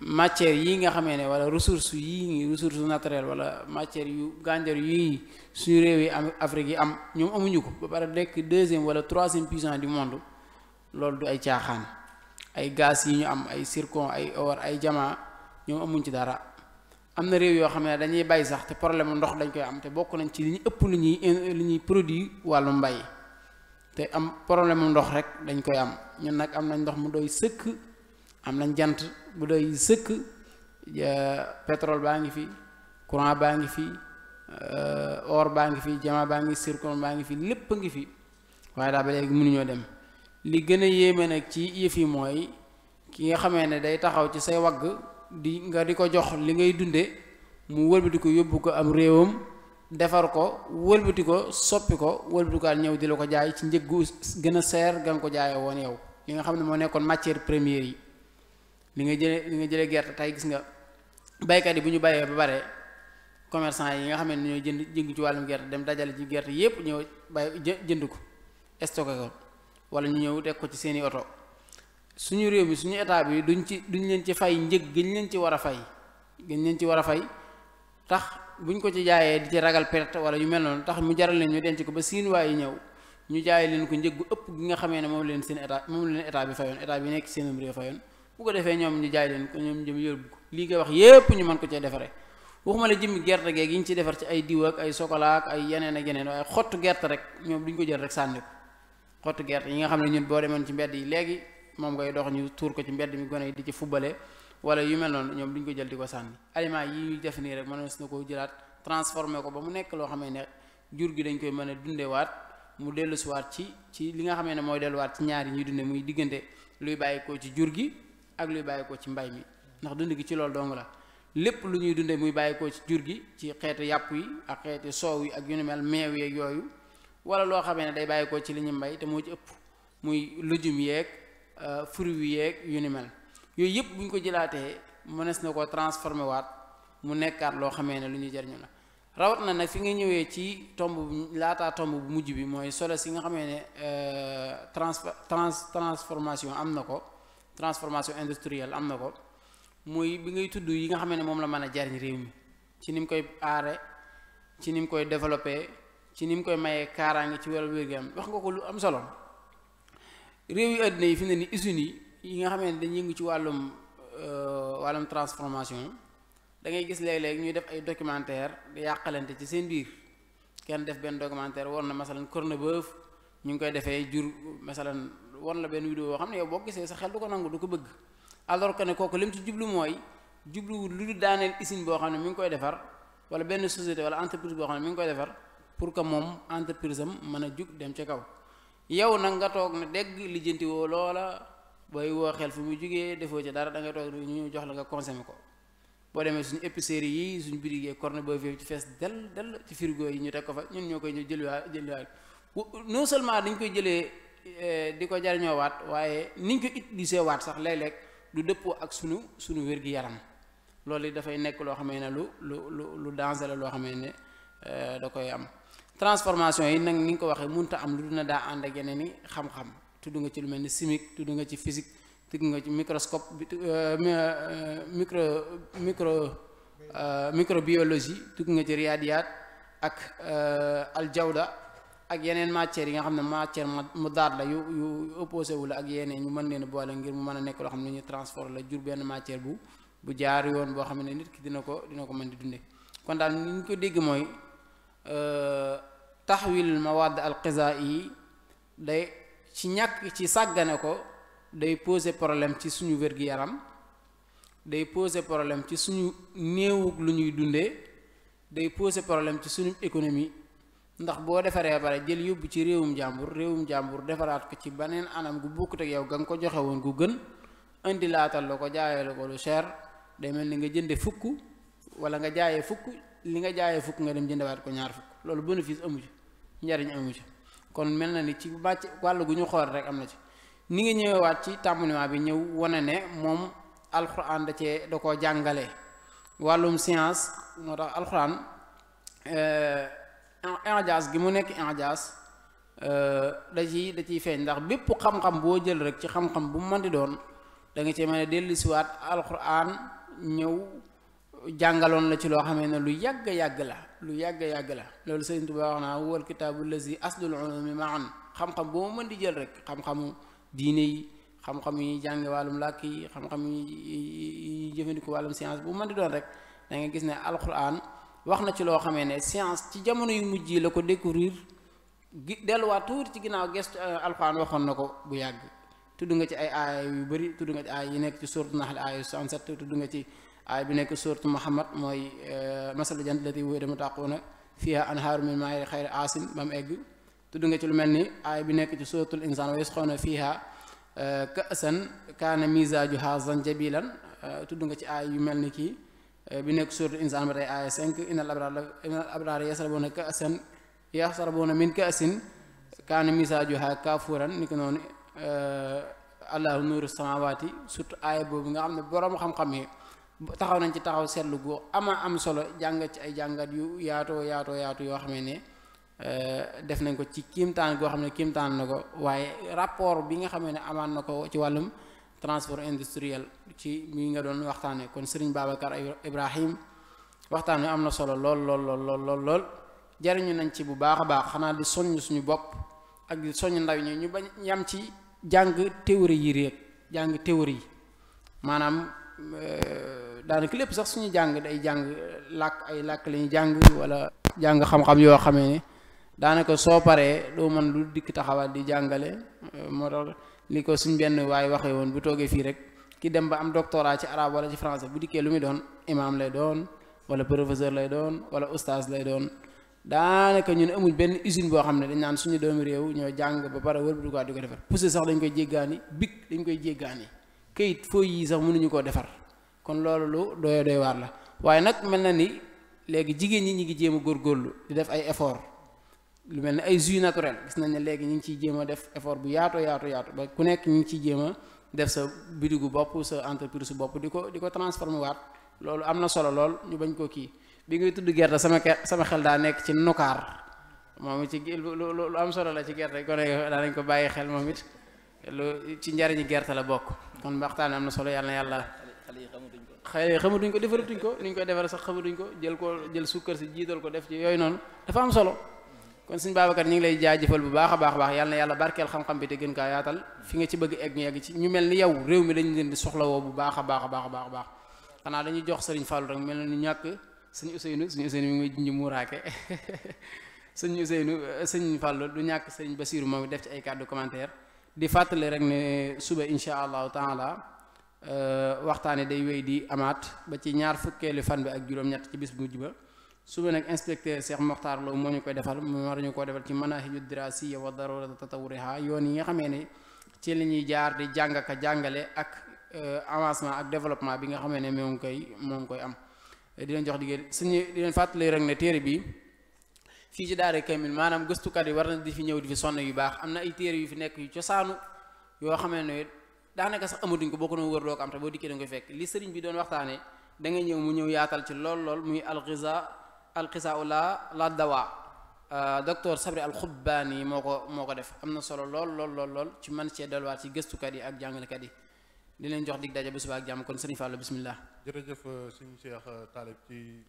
matière yi nga xamee ne wala ressource yii ressource naturelle wala matière yu gànjar yii suñu réew yi am Afrique yi am ñoom amuñu ko ba pare nekk deuxième wala troisième puissance du monde loolu du ay caaxaan ay gaz yi ñu am ay zircon ay or ay jamaa ñoom amuñ ci dara am na réew yoo xam ne dañuy bay sax te problème ndox dañ koy am te bokk nañ ci li ñu ëpp lu ñuy lu ñuy produit wàllu mbay te am problème ndox rek dañ koy am ñun nag am nañ ndox mu doy sëkk am nañ jant bu doy sëkk petrole baa ngi fi courant baa ngi fi euh, or baa ngi fi jamaa baa ngi zircon baa ngi fi lépp ngi fi waaye daal ba léegi mënuñoo dem li gën a yéeme nag ci yëf yi mooy ki nga xamee ne day taxaw ci say wagg di nga di ko jox li ngay dunde mu wëlbati ko yóbbu ko am réewam defar ko wëlbati ko soppi ko wëlbatikaat ñëw di la ko jaay ci njëggu gën a seer ga nga ko jaayee woon yow li nga xam ne moo nekkoon matière première yi li nga jële li nga jële gerte tey gis nga baykat yi bu ñu bàyyee ba bare commerçant yi nga xam ne ñoo jënd jëng ci wàllum gerte dem dajale ci gerte yépp ñëw bay jënd ko stocké ko wala ñu ñëw teg ko ci seeni oto suñu réew mi suñu état bi duñ ci duñ leen ci fay njëg gëñ leen ci war a fay gëñ leen ci war a fay tax buñ ko ci jaayee di ci ragal perte wala yu mel noonu tax mu jaral leen ñu denc ko ba siin waaye ñëw ñu jaay leen ko njëg gu ëpp gi nga xamee ne moom leen seen état moom leen état bi fayoon état bi nekk seenum réew fayoon bu ko defee ñoom ñu jaay leen ko ñoom jëm yóbbu ko lii ko wax yépp ñu mën ko cee defaree waxuma la jëmmi gerte geeg yi ñu ci defar ci ay diw ak ay yeneen ak yeneen xottu gerte rek ñoom duñ ko jël rek sànni ko xottu gerte yi nga xam ne ñun boo mën ci mbedd yi léegi moom ngay dox ñu tuur ko ci mbedd mi gone yi di ci fubale wala yu mel noonu ñoom ñu ko jël di ko sànni aliment yi ñuy def nii rek mënees na koo jëlaat transformé ko ba mu nekk loo xamee ne jur gi dañ koy mën a dundewaat mu dellusiwaat ci ci li nga xamee ne mooy delluwaat ci ñaar yi ñuy dunde muy diggante luy bàyyi ko ci jur gi ak luy bàyyi ko ci mbay mi ndax dund gi ci loolu dong la lépp lu ñuy dunde muy bàyyi ko ci jur gi ci xeetu yàpp yi ak xeetu soow yi ak yu mel meew yeeg yooyu wala loo xamee ne day bàyyi koo ci li ñu mbay te moo ci ëpp muy lujum yeeg euh, fruit yeeg yu ni mel yooyu yëpp bu ñu ko jëlaatee mënees na ko transformé waat mu nekkaat loo xamee ne lu ñu jariñu la rawat na nag fi nga ñëwee ci tomb laataa tomb bu mujj bi mooy solo si nga xamee ne euh, trans trans transformation am na ko transformation industrielle am na ko muy bi ngay tudd yi nga xamee ne moom la mën a jariñ réew mi ci ni mu koy aare ci ni mu koy développé ci ni mu koy mayee kaaraange ci wàllu wér-gu-yaram wax nga ko lu am solo réew yu àddina yi fi ne ni usines yi nga xam ne dañuy yëngu ci wàllum euh, wàllum transformation da ngay gis léeg-léeg ñuy def ay documentaire di yàqalante ci seen biir kenn def benn documentaire war na masalan Cornebœuf ñu ngi koy defee jur masalan war la benn vidéo boo xam ne yow boo gisee sa xel du ko nangu du ko bëgg alors que ne kooku lim ci jublu mooy jubluwul lu du daaneel usine boo xam ne mi ngi koy defar wala benn société wala entreprise boo xam ne mi ngi koy defar pour que moom entreprise am mën a jug dem ca kaw yow nag nga toog ne dégg lijjantiwoo loola booy woo xel fu muy jugee defoo ci dara da ngay toog ñu jox la nga consommer ko boo demee suñu épicerie yi suñu bitig yi corne ba fi ci fees del del ci frigo yi ñu teg ko fa ñun ñoo koy ñu jëliwaay jëliwaay non seulement dañ koy jëlee eh, di ko jariñoo waat waaye niñ ko utiliser waat sax lay lekk du dëppoo ak suñu suñu wér-gi-yaram loolu dafay nekk loo xamee ne lu lu lu lu la loo xamee ne eh, da koy am transformation yi nag ni nga ko waxee munta am lu dul na daa ànd ak yeneen i xam-xam tudd nga ci lu mel ni chimique tudd nga ci physique tudd nga ci microscope bi euh, euh, micro micro euh, microbiologie tudd nga ci riyaadiyaat ak aljawda ak yeneen matières yi nga xam ne matière mu daat la yu yu opposé la ak yeneen ñu mën leen a boole ngir mu mën a nekk loo xam ne ñu transforme la jur benn matière bu bu jaar yoon boo xam ne nit ki dina ko dina ko mën di dundee kon daal ñu Euh, taxwil mawadd alxisaa'i day ci ñàkk ci sàggane ko day poser problème ci suñu wér-gi-yaram day poser poroblème ci suñu néewug lu ñuy dundee day poser problème ci suñu économie ndax boo defaree bare jël yóbbu ci réewum jàmbur réewum jàmbur defaraat ko ci beneen anam gu bokkut ak yow ga nga ko joxe woon gu gën indi laatal la ko jaayee la ko lu cher day mel ni nga jënde fukk wala nga jaayee fukk li nga jaayee fukk nga dem jëndewaat ko ñaar fukk loolu bénéfice amu ci njariñ amu kon mel na ni ci bàcc wàll gu ñu xool rek am na ci ni nga waat ci tàmbaliwaat bi ñëw wane ne moom alxuraan da cee da koo jàngalee wàllum science moo tax alxuraan eh, injaas gi mu nekk injaas eh, da ci da ciy feeñ ndax bépp xam-xam boo jël rek ci xam-xam bu mu mën di doon da nga cee mën a dellusiwaat alxuraan ñëw jàngaloon la ci loo xamee ne lu yàgg yàgg la lu yàgg yàgg la loolu Sëriñ Tuubaa wax naa huwa alkitaabu allazi aslul ulumi maan xam-xam boo mën di jël rek xam-xamu diine yi xam-xam yi jànge wàllum làkk yi xam-xam yi jëfandiku wàllum science bu mën di doon rek da nga gis ne alquran wax na ci loo xamee ne science ci jamono yu mujj yi la ko découvrir gi delluwaat tuuti ci ginnaaw gestu euh, alquran waxoon na ko bu yàgg tudd nga ci ay aaya yu bëri tudd nga ci aaya yi nekk ci suuratu Nahl aaya nga ci aay bi nekk suuratu Muhammad mooy euh, masalu jant lati wéeda mu tàquuna fiha anhaaru min maayi xayri asin ba egg tudd nga ci lu mel ni aay bi nekk ci suuratul insaan wa yasqawna fiha euh, ka'san kaana misaajuha zanjabilan euh, tudd nga ci aay yu mel ni kii bi nekk suuratul insaan ba tey aaya 5 innal abraar innal abraar yasrabuuna ka'san yasrabuuna min ka'sin kaana ni ko noonu allahu nuuru samaawaati surtout aaya boobu nga xam ne borom xam-xam yi taxaw nañ ci taxaw seetlu gu ama am solo jàngat ci ay jàngat yu yaatoo yaatoo yaatu yoo xam ne euh, def nañ ko ci kiimtaan goo xam ne kiimtaan na ko waaye rapport bi nga xamee ne amaan na ko ci wàllum transport industriel ci mi nga doon waxtaanee kon Serigne Babacar Ibrahim waxtaan wi am na solo lool lool lool lool lool jariñu nañ ci bu baax a baax xanaa di soññ suñu bopp ak di soññ ndaw ñi ñu ba ñam ci jàng théorie yi rek jàng théorie maanaam. Euh, daanaka lépp sax suñu jàng day jàng làkk ay làkk la jàng wala jàng xam-xam yoo xamee ne daanaka soo paree doo man lu dikk taxawaat di jàngale euh, moo tax li ko suñ benn waaye waxee woon bu toogee fii rek ki dem ba am doctorat ci arabe wala ci français bu dikkee lu muy doon imam lay doon wala professeur lay doon wala oustaz lay doon daanaka ñun amuñ benn usine boo xam ne dañ naan suñu doomi réew ñoo jàng ba pare wër du ko di ko defar poussé sax dañ koy jéggaani bic dañ koy jéggaani kayit fooy yii sax mënuñu koo defar kon loolu lu doy doy la waaye nag mel na ni léegi jigéen ñi ñu ngi jéem a góorgóorlu di def ay effort lu mel ni ay jus naturel gis nañ ne léegi ñu ngi ciy jéem a def effort bu yaatu yaatu yaatu ba ku nekk ñu ngi ciy jéem a def sa bidigu bopp sa entreprise su bopp di ko di ko transformé waat loolu am na solo lool ñu bañ koo kii bi ngay tudd gerte sama sama xel daa nekk ci nukaar moom ci lu am solo la ci gerte kon daanañ ko bàyyi xel moom it lu ci njariñu gerte la bokk kon waxtaan am na solo yàlla na yàlla xëy xamatuñ ko defaratuñ ko niñ koy defar sax xamatuñ ko jël ko jël sukkar si jiital ko def ci yooyu noonu dafa am solo kon suñ Babacar ñi ngi lay jëfal bu baax a baax baax yàlla yàlla barkeel xam-xam bi te gën kaa yaatal fi nga ci bëgg egg ñu egg ci ñu mel ni yow réew mi dañ leen di soxlawoo bu baax a baax a baax a baax xanaa dañuy jox sëriñ Fallou rek mel na ni ñàkk sëñ Ousseynou sëñ Ousseynou mi ngi junj muuraake <laughs> sëñ Ousseynou sëñ Fallou du ñàkk sëñ Basirou moom def ay kàddu commentaire di fàttali rek ne suba incha allahu taala waxtaan euh, waxtaane day wéy di amaat ba ci ñaar fukkeelu fan bi ak juróom-ñett ci bis bu ba suba nag inspecteur seex Mokhtar Lo moo ñu koy defar moo war ñu ko defal ci manahiju dirasiya wa darurata tatawuriha yoon yi nga xamee ne ci li ñuy jaar di jàng ka jàngale ak euh, avancement ak développement bi nga xamee ne moom koy moom koy am di jox diggéen suñu di fàttali rek ne téere bi fii ci daara kamil maanaam gëstukat yi war na di fi ñëw di fi sonn yu baax am na ay téere yu fi nekk yu cosaanu yoo xamee ne daanaka sax amatuñ ko boo ko doon wër doo ko am te boo dikkee na koy fekk li sëriñ bi doon waxtaane dangay ñëw mu ñëw yaatal ci lool lool muy alxisa alxisa la la dawa euh, docteur Sabri al Xubbaani moo ko moo ko def am na solo lool lool lool lool ci man cee delluwaat ci gëstukat yi ak jàngalekat yi di leen jox dig daje ba suba ak jàmm kon Serigne Fallou bismillah jërëjëf euh, Serigne Cheikh euh, Talib ci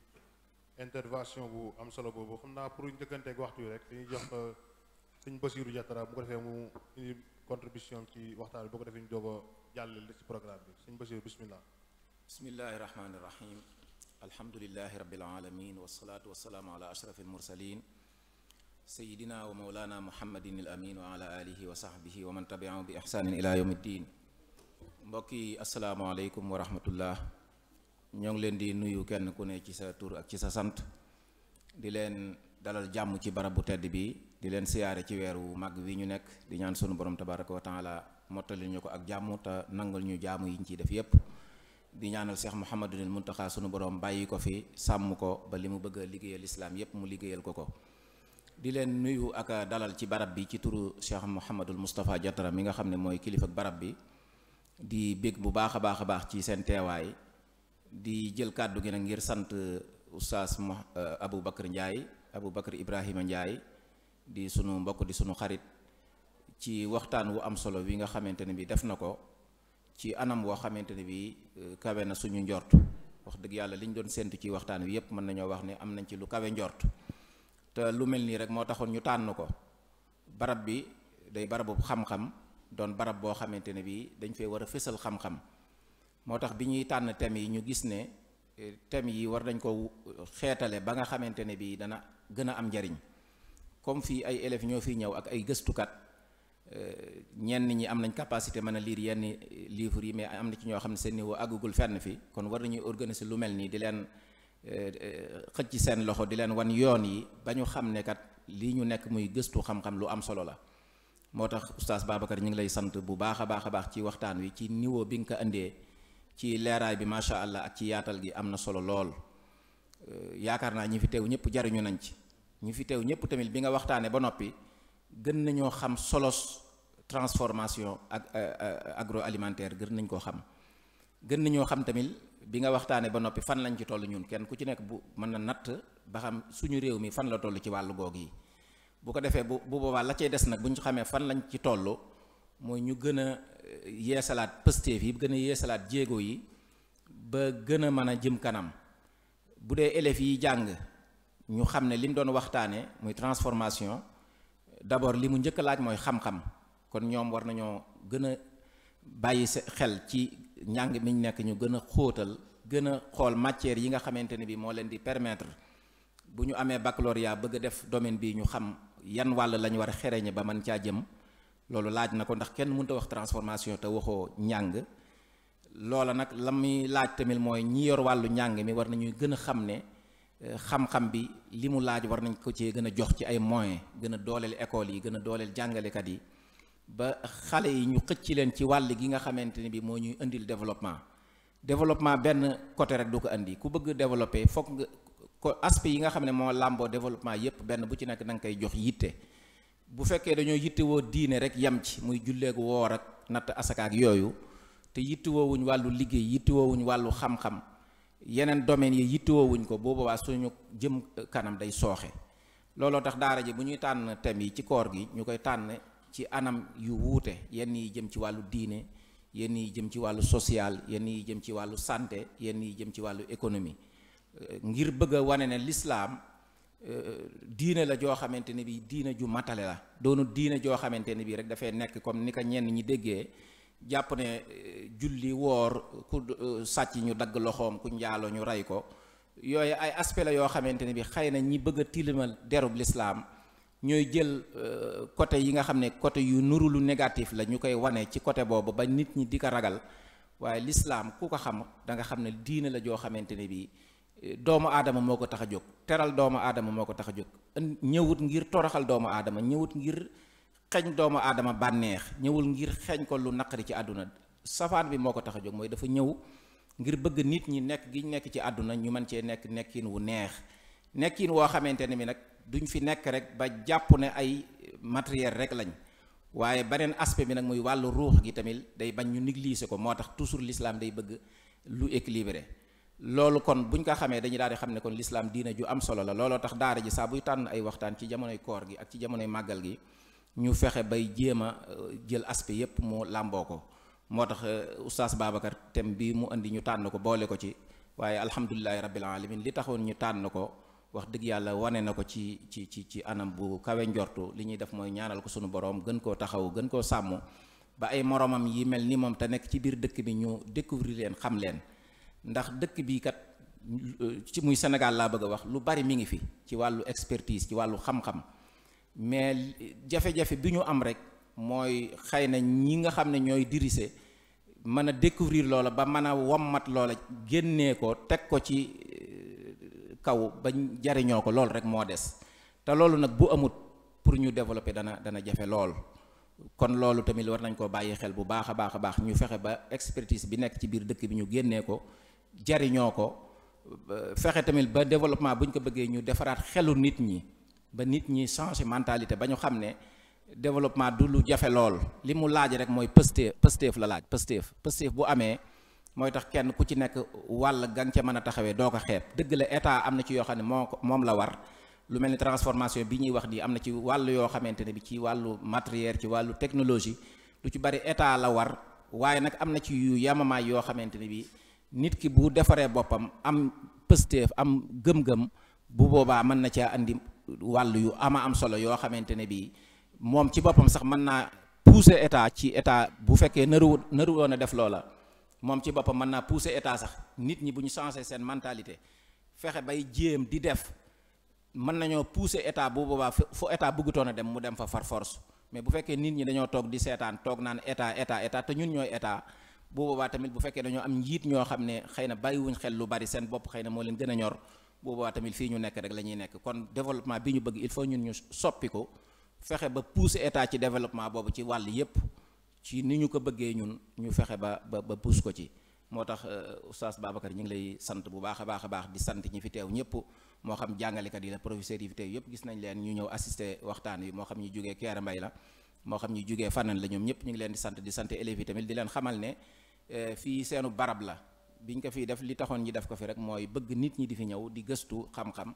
intervention bu am solo boobu xam naa pour njëkkanteeg waxtu yi rek jox Serigne Bassirou Diatara bu ko defee contribution ci waxtaan bi boo ko defee ñu doog a jàllale ci programme bi sëñ Basiru bismillah bismillahi rahmaani rahim alhamdulilahi rabbil alamin wasalaatu wasalaamu ala ashraf almursalin sayidina bi ihsanin ila yawmi ddin mbokk yi asalaamaaleykum wa ñoo ngi leen di nuyu kenn ku ne ci sa tur ak ci sa sant di leen dalal jàmm ci barabu bu tedd bi di leen siyaare ci weer wu mag wi ñu nekk di ñaan sunu borom tabaraka wa taala mottali ñu ko ak jàmm te ñu jaamu yi ñu ciy def yépp di ñaanal Cheikh Mouhamadunil Muntaxa sunu borom bàyyi ko fi sàmm ko ba li mu bëgg a liggéeyal islaam yépp mu liggéeyal ko ko di leen nuyu ak dalal ci barab bi ci turu Cheikh Mouhamadul Moustapha Diatara mi nga xam ne mooy kilifa barab bi di bég bu baax a baax a baax ci seen teewaay di jël kàddu gi nag ngir sant oustaz Abou Bakr Ndiaye Abou Bakr Ibrahima Ndiaye di sunu mbokk di sunu xarit ci waxtaan wu am solo wi nga xamante ne bi def na ko ci anam woo xamante ne bi euh, kawe na suñu njort wax dëgg yàlla li liñ doon séntu ci waxtaan wi yépp mën nañoo wax ni am nañ ci lu kawe njort te lu mel nii rek moo taxoon ñu tànn ko barab bi day barabu xam-xam doon barab boo xamante ne bi dañ fee war a fësal xam-xam moo tax bi ñuy tànn thèmes yi ñu gis ne euh, thèmes yi war dañ ko xeetale ba nga xamante ne bi dana gën a am njariñ comme fii ay élèves ñoo fiy ñëw ak ay gëstukat euh, ñenn ñi am nañ capacité mën a liir yenn livres yi mais am na ci ñoo xam ne seen niveau àggagul fenn fi kon war nañuy organiser lu mel nii di leen euh, xëcc seen loxo di leen wan yoon yi ba ñu xam ne kat lii ñu nekk muy gëstu xam-xam lu am solo la. moo tax oustaz Babacar ñu ngi lay sant bu baax a baax a baax ci waxtaan wi ci niveau bi nga ko indee ci leeraay bi macha allah ak ci yaatal gi am na solo lool euh, yaakaar naa ñi fi teew ñëpp jariñu nañ ci. ñu fi teew ñëpp tamit bi nga waxtaanee ba noppi gën nañoo xam solos transformation ak euh, euh, alimentaire gën nañ koo xam gën nañoo xam tamit bi nga waxtaanee ba noppi fan lañ ci toll ñun kenn ku ci nekk bu mën na natt ba xam suñu réew mi fan la toll ci wàllu goog yi bu ko defee bu bu boobaa la cay des nag bu ñu xamee fan lañ ci toll mooy ñu gën a euh, yeesalaat pësteef yi gën a yeesalaat jéego yi ba gën a mën a jëm kanam bu dee élèves yi jàng. ñu xam ne li mu doon waxtaanee muy transformation d'abord li mu njëkk laaj mooy xam-xam kon ñoom war nañoo gën a bàyyi sa xel ci njàng mi ñu nekk ñu gën a xóotal gën a xool matière yi nga xamante ne bi moo leen di permettre bu ñu amee baccalauréat bëgg a def domaine bii ñu xam yan wàll la ñu war a xereñe ba man caa jëm loolu laaj na ko ndax kenn munta wax transformation te waxoo njàng loola nag la muy laaj tamit mooy ñi yor wàllu njàng mi war nañuy gën a xam ne xam-xam bi li mu laaj war nañ ko cee gën a jox ci ay moyen gën a dooleel école yi gën a dooleel jàngalekat yi ba xale yi ñu xëcc leen ci wàll gi nga xamante ne bi moo ñuy indil développement développement benn côté rek du ko indi ku bëgg développer fokk nga ko aspect yi nga xam ne moo làmboo développement yépp benn bu ci nekk da nga koy jox yitte bu fekkee dañoo yittewoo diine rek yam ci muy julleeku woor ak natt asaka ak yooyu te yittewoo wuñ wàllu liggéey yittewoo wuñ wàllu xam yeneen domaines yi yittewoowuñ ko boobu waa suñu jëm kanam day sooxe looloo tax daara ji bu ñuy tànn thème yi ci koor gi ñu koy tànn ci anam yu wuute yenn yi jëm ci wàllu diine yenn yi jëm ci wàllu social yenn yi jëm ci wàllu santé yenn yi jëm ci wàllu économie euh, ngir bëgg a wane ne lislaam euh, diine la joo xamante ne bi diine ju matale la doonu diine joo xamante ne bi rek dafay nekk comme ni ko ñenn ñi déggee jàpp ne eh, julli woor ku eh, sàcc ñu dagg loxoom ku njaalo ñu rey ko yooyu ay aspect la yoo xamante ne bi xëy na ñi bëgg a tilimal derub lislaam ñooy jël eh, côté yi nga xam ne côté yu nuru lu négatif la ñu koy wane ci côté boobu ba nit ñi di ko ragal waaye lislaam ku ko xam da nga xam ne diine la joo xamante ne bi doomu aadama moo ko tax a jóg teral doomu aadama moo ko tax a jóg ñëwut ngir toroxal doomu aadama ñëwut ngir xeñ doomu aadama bànneex ñëwul ngir xeeñ ko lu naqari ci àdduna safaan bi moo ko tax a jóg mooy dafa ñëw ngir bëgg nit ñi nekk gi nekk ci àdduna ñu mën cee nekk nekkin wu neex nekkin woo xamante ne bi nag duñ fi nekk rek ba jàpp ne ay matériel rek lañ waaye beneen aspect bi nag muy wàllu ruux gi tamit day bañ ñu négliger ko moo tax toujours lislaam day bëgg lu équilibré loolu kon buñ ko xamee dañu daal xam ne kon l'islam diina ju am solo la looloo tax daara ji saa buy tànn ay waxtaan ci jamonoy koor gi ak ci jamonoy màggal gi ñu fexe bay jéem a euh, jël aspect yépp mu làmboo ko moo tax euh, oustaz Babacar tem bi mu indi ñu tànn ko boole ko ci waaye alhamdulilahi rabbil alamin li taxoon ñu tànn ko wax dëgg yàlla wane na ko ci ci ci ci anam bu kawe njortu li ñuy def mooy ñaanal ko sunu boroom gën koo taxaw gën koo sàmm ba ay moroomam yi mel ni moom te nekk ci biir dëkk bi ñu découvrir leen xam leen ndax dëkk bii kat euh, ci muy Sénégal laa bëgg a wax lu bari mi ngi fi ci wàllu expertise ci wàllu xam mais jafe-jafe bi ñu am rek mooy xëy na ñi nga xam ne ñooy dirise mën a découvrir loola ba mën a wammat loola génnee ko teg ko ci euh, kaw bañ jariñoo ko loolu rek moo des te loolu nag bu amut pour ñu développer dana dana jafe lool kon loolu tamit war nañ koo bàyyi xel bu baax a baax a baax ñu fexe ba expertise bi nekk ci biir dëkk bi ñu génnee ko jariñoo ko fexe tamit ba développement bu ñu ko bëggee ñu defaraat xelu nit ñi ba nit ñi changer mentalité ba ñu xam ne développement du lu jafe lool li mu laaj rek mooy pësteef pësteef la laaj pësteef pësteef bu amee mooy tax kenn ku ci nekk wàll gan ca mën a taxawee doo ko xeeb dëgg la état am na ci yoo xam ne moo ko moom la war lu mel ni transformation bi ñuy wax nii am na ci wàll yoo xamante ne bi ci wàllu matériel ci wàllu technologie lu ci bari état la war waaye nag am na ci yu yamamaay yoo xamante ne bi nit ki bu defaree boppam am pësteef am gëm-gëm bu boobaa mën na caa andi wàll yu ama am solo yoo xamante ne bii moom ci boppam sax mën naa pousser état ci état bu fekkee naru naru woon a def loola moom ci boppam mën naa pousser état sax nit ñi bu ñu changer seen mentalité fexe bay jéem di def mën nañoo pousser état bu boobaa fu état bëggutoon a dem mu dem fa far force mais bu fekkee nit ñi dañoo toog di seetaan toog naan état état état te ñun ñooy état bu boobaa tamit bu fekkee dañoo am njiit ñoo xam ne xëy na bariwuñ xel lu bari seen bopp xëy na moo leen gën ñor boobu boobaa tamit fii ñu nekk rek la ñuy nekk kon développement bi ñu bëgg il faut ñun ñu soppi ko fexe ba pousser état ci développement boobu ci wàll yépp ci ni ñu ko bëggee ñun ñu fexe ba ba ba pousse ko ci moo tax euh, oustaz Babacar ñu ngi lay sant bu baax a baax a baax di sant ñi fi teew ñëpp moo xam jàngalekat yi la professeur yi fi yëpp gis nañ leen ñu ñëw assister waxtaan wi moo xam ñu jógee Kër Mbay la moo xam ñu jógee fanaan la ñoom ñëpp ñu ngi leen di sant di sant élèves yi tamit di leen xamal ne euh, fii seenu barab la biñ ko fi def li taxoon ñi def ko fi rek mooy bëgg nit ñi di fi ñëw di gëstu xam-xam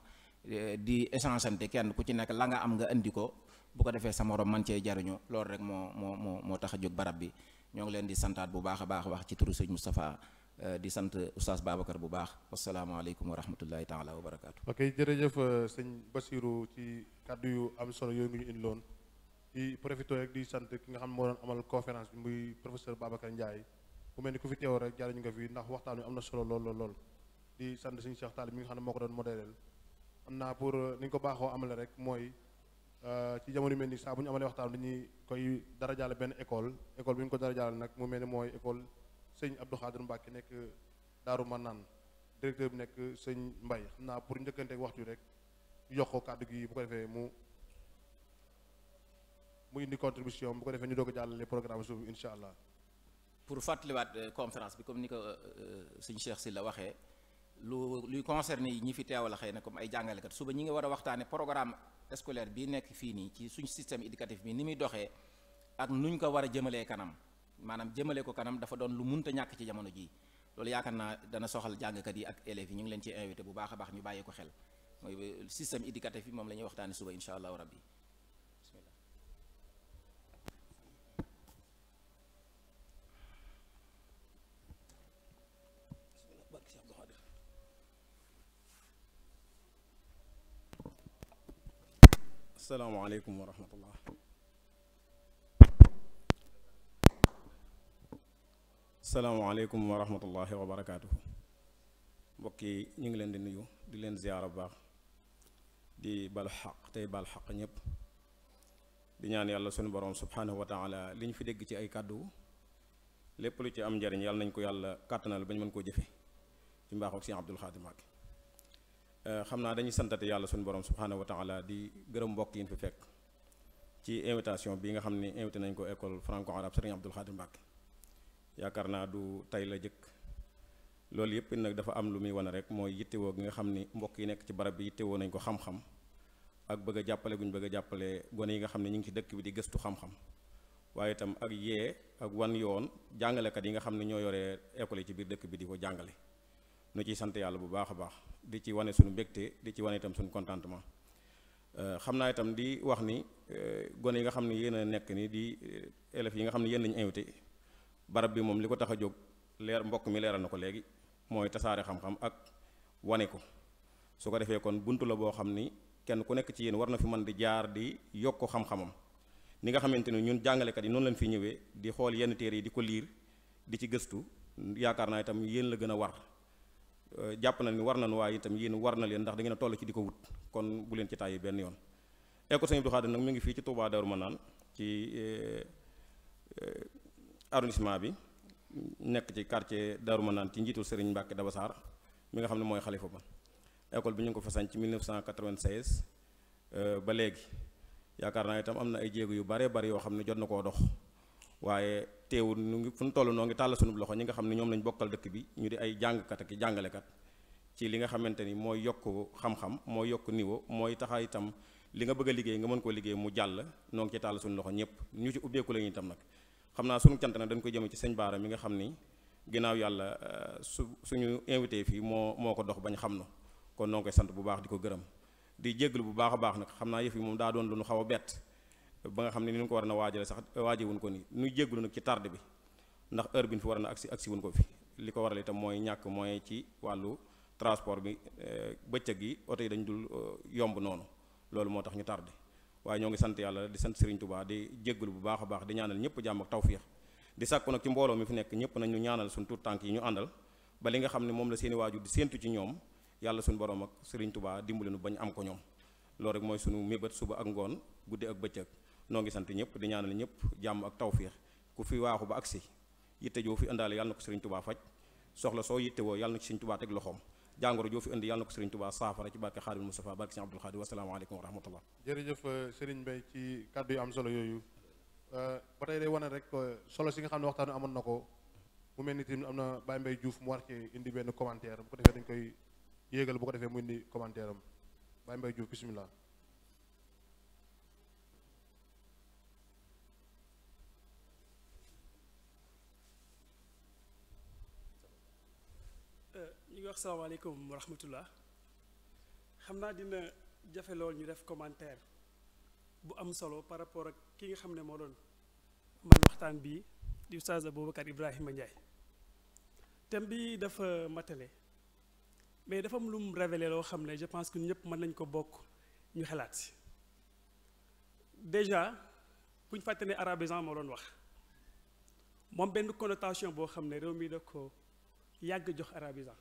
eh, di échangeante kenn ku ci nekk la nga am nga indi ko bu ko defee sa morom man cee jariñu lool rek moo moo moo tax a jóg barab bi ñoo ngi leen di santaat bu baax a baax wax ci turu sëñ Moustapha eh, di sant oustaz Babacar bu baax wasalaamaaleykum wa rahmatullahi taala wa barakaatu. ok jërëjëf eh, sëñ Basirou ci kàddu yu am solo yooyu ñu indi loon di profité rek di sant ki nga xam moo amal conférence bi muy professeur Babacar Ndiaye. ku mel ni ku fi teew rek ñu nga fi ndax waxtaan wi am na solo lool lool di sant suñu Cheikh Tall mi nga xam ne moo ko doon modéleel am naa pour euh, ni ñu ko baaxoo amale rek mooy euh, ci jamono mel ni saa bu ñu amalee waxtaan dañuy koy darajaale benn école école bi ñu ko dara darajaale nag mu mel ni mooy école sëñ Abdou Khadir Mbacke nekk Daaru Manaan directeur bi nekk sëñ mbay xam naa pour njëkkanteeg waxtu rek yokk kàddu gi bu ko defee mu mu indi contribution bu ko defee ñu jàllale programme suuf bi allah. pour fàttaliwaat euh, conférence bi comme ni ko euh, euh, sëñ Cheikh si la waxee lu luy concerné yi ñi fi teewal xëy na comme ay jàngalekat suba ñi ngi war a waxtaane programme scolaire bi nekk fii nii ci suñ système éducatif bi ni muy doxee ak ñu ko war a jëmalee kanam maanaam jëmale ko kanam dafa doon lu munta ñàkk ci jamono jii loolu yaakaar naa dana soxal jàngkat yi ak élèves yi ñu ngi leen ci invité bu baax a baax ñu bàyyi ko xel mooy système éducatif bi moom la ñuy waxtaane suba incha allahu rabbi asalaamaaleykum wa rahmatullah asalaamaaleykum wa rahmatullahi wa mbokk yi ñu ngi leen di nuyu di leen ziyaara bu baax di balu xaq tey bal xaq ñépp di ñaan yàlla sunu borom subhaanahu wa taala li ñu fi dégg ci ay kàddu lépp lu ci am njariñ yàlla nañ ko yàlla kàttanal ba ñu mën koo jëfee ci mbaaxu ak si Abdul Xaadim Mbàkke Euh, xam naa dañuy santate yàlla suñu borom subhaanahu wa taala di gërëm mbokk yi ñu fi fekk ci invitation bi nga xam ne invité nañ ko école franco arabe Serigne Abdoul Khadim Mbacké yaakaar naa du tey la jëkk loolu yëpp nag dafa am lu muy wane rek mooy yittewoo gi nga xam ni mbokk yi nekk ci barab bi yittewoo nañ ko xam-xam ak bëgg a jàppale guñ bëgg jàppale gone yi nga xam ne ñu ngi ci dëkk bi di gëstu xam-xam waaye itam ak yee ak wan yoon jàngalekat yi nga xam ne ñoo yoree école ci biir dëkk bi di ko jàngale nu ciy sant yàlla bu baax a baax di ci wane suñu mbégte di ci wane itam suñu contentement euh, xam naa itam di wax ni euh, gone yi nga xam ne yéen a nekk ni di euh, élèves yi nga xam ne yéen lañu invité barab bi moom li ko tax a jóg leer mbokk mi leeral na ko léegi mooy tasaare xam-xam ak wane ko su ko defee kon buntu la boo xam ni kenn ku nekk ci yéen war na fi man di jaar di yokk xam-xamam ni nga xamante ni ñun jàngalekat yi noonu lañ fi ñëwee di xool yenn téere yi di ko liir di ci gëstu yaakaar naa itam yéen la gën a war jàpp na ni war na nañu waaye itam yéen war na leen ndax da ngeen a toll ci di ko wut kon bu leen ci tàyyi benn yoon École Sëñ Abdou Khadre nag mu ngi fii ci Touba Darou Manane ci euh, arrondissement bi nekk ci quartier Darou Manane ci njiitul Serigne Mbacke Dabassar mi nga xam ne mooy xalifa ba école bi ñu ngi ko fasañ ci 1996 ba léegi yaakaar naa itam am na ay jéego yu bare bari yoo xam ne jot na koo dox waaye teewul ñu ngi fu ñu toll noo ngi tàll sunub loxo ñi nga xam ne ñoom lañ bokkal dëkk bi ñu di ay jàngkat ak jàngalekat ci li nga xamante ni mooy yokk xam-xam mooy yokk niveau mooy taxa itam li nga bëgg liggéey nga mën koo liggéey mu jàll noo ngi ci tàll suñu loxo ñëpp ñu ci ubbeeku la ñu itam nag xam naa suñu cant nag dañ koy jëme ci sëñ Baara mi nga xam ni ginnaaw yàlla euh, su suñu invité fii moo moo ko dox bañ xam na kon noo koy sant bu baax di ko gërëm di jégalu bu baax a baax nag xam naa yëf yi moom daa doon lu xaw a bett ba nga xam ne ni ñu ko war na waajale sax waaje wuñ ko ni nuy jéggulu nag ci tarde bi ndax heure bi ñu fi war na agsi agsi wuñ ko fi li ko waral itam mooy ñàkk mooy ci wàllu transport bi eh, bëccëg yi oto yi dañ dul eh, yomb noonu loolu moo tax ñu tardé waaye ñoo ngi sant yàlla di sant Serigne tubaa di jéggulu bu baax a baax di ñaanal ñëpp jàmm ak tawféex di sàkku nag ci mbooloo mi fi nekk ñëpp nañu ñaanal suñu tuut tànk yi ñu àndal ba li nga xam ne moom la seeni waajur di séentu ci ñoom yàlla suñu borom ak Serigne Touba dimbali nu bañ am ko ñoom loolu rek mooy suñu mébét suba ak ngoon guddi ak bëccëg noo ngi sant ñëpp di ñaanal ñëpp jàmm ak tawféex ku fi waaxu ba agsi yitte joo fi indaale yàlla na ko sëriñ tubaa faj soxla soo yitte woo yàlla na ko sëriñ tubaa teg joo fi indi yàlla na ko sëriñ tubaa saafara ci barke xaadim Mustafa barke sëriñ Abdul Xaadir wasalaamaaleykum wa rahmatullah jërëjëf euh, sëriñ Mbay ci kàddu yu am solo yooyu euh, ba tey wane rek euh, solo si nga xam ne waxtaanu amoon na ko mu mel ni tamit am na Baye Mbaye Diouf mu war indi benn commentaire bu ko defee dañ koy yéegal bu ko defee mu indi commentaire am Baye Mbaye Diouf bismillah wax salaamaaleykum wa xam naa dina jafe lool ñu def commentaire bu am solo par rapport ak ki nga xam ne moo doon man waxtaan bii di Oustaz Aboubacar Ibrahima Ndiaye thème bi dafa matale mais dafa am lu loo xam ne je pense que ñëpp mën nañ ko bokk ñu xalaat si déjà bu ñu fàtte arabisant moo doon wax moom benn connotation boo xam ne réew mi da ko yàgg jox arabisant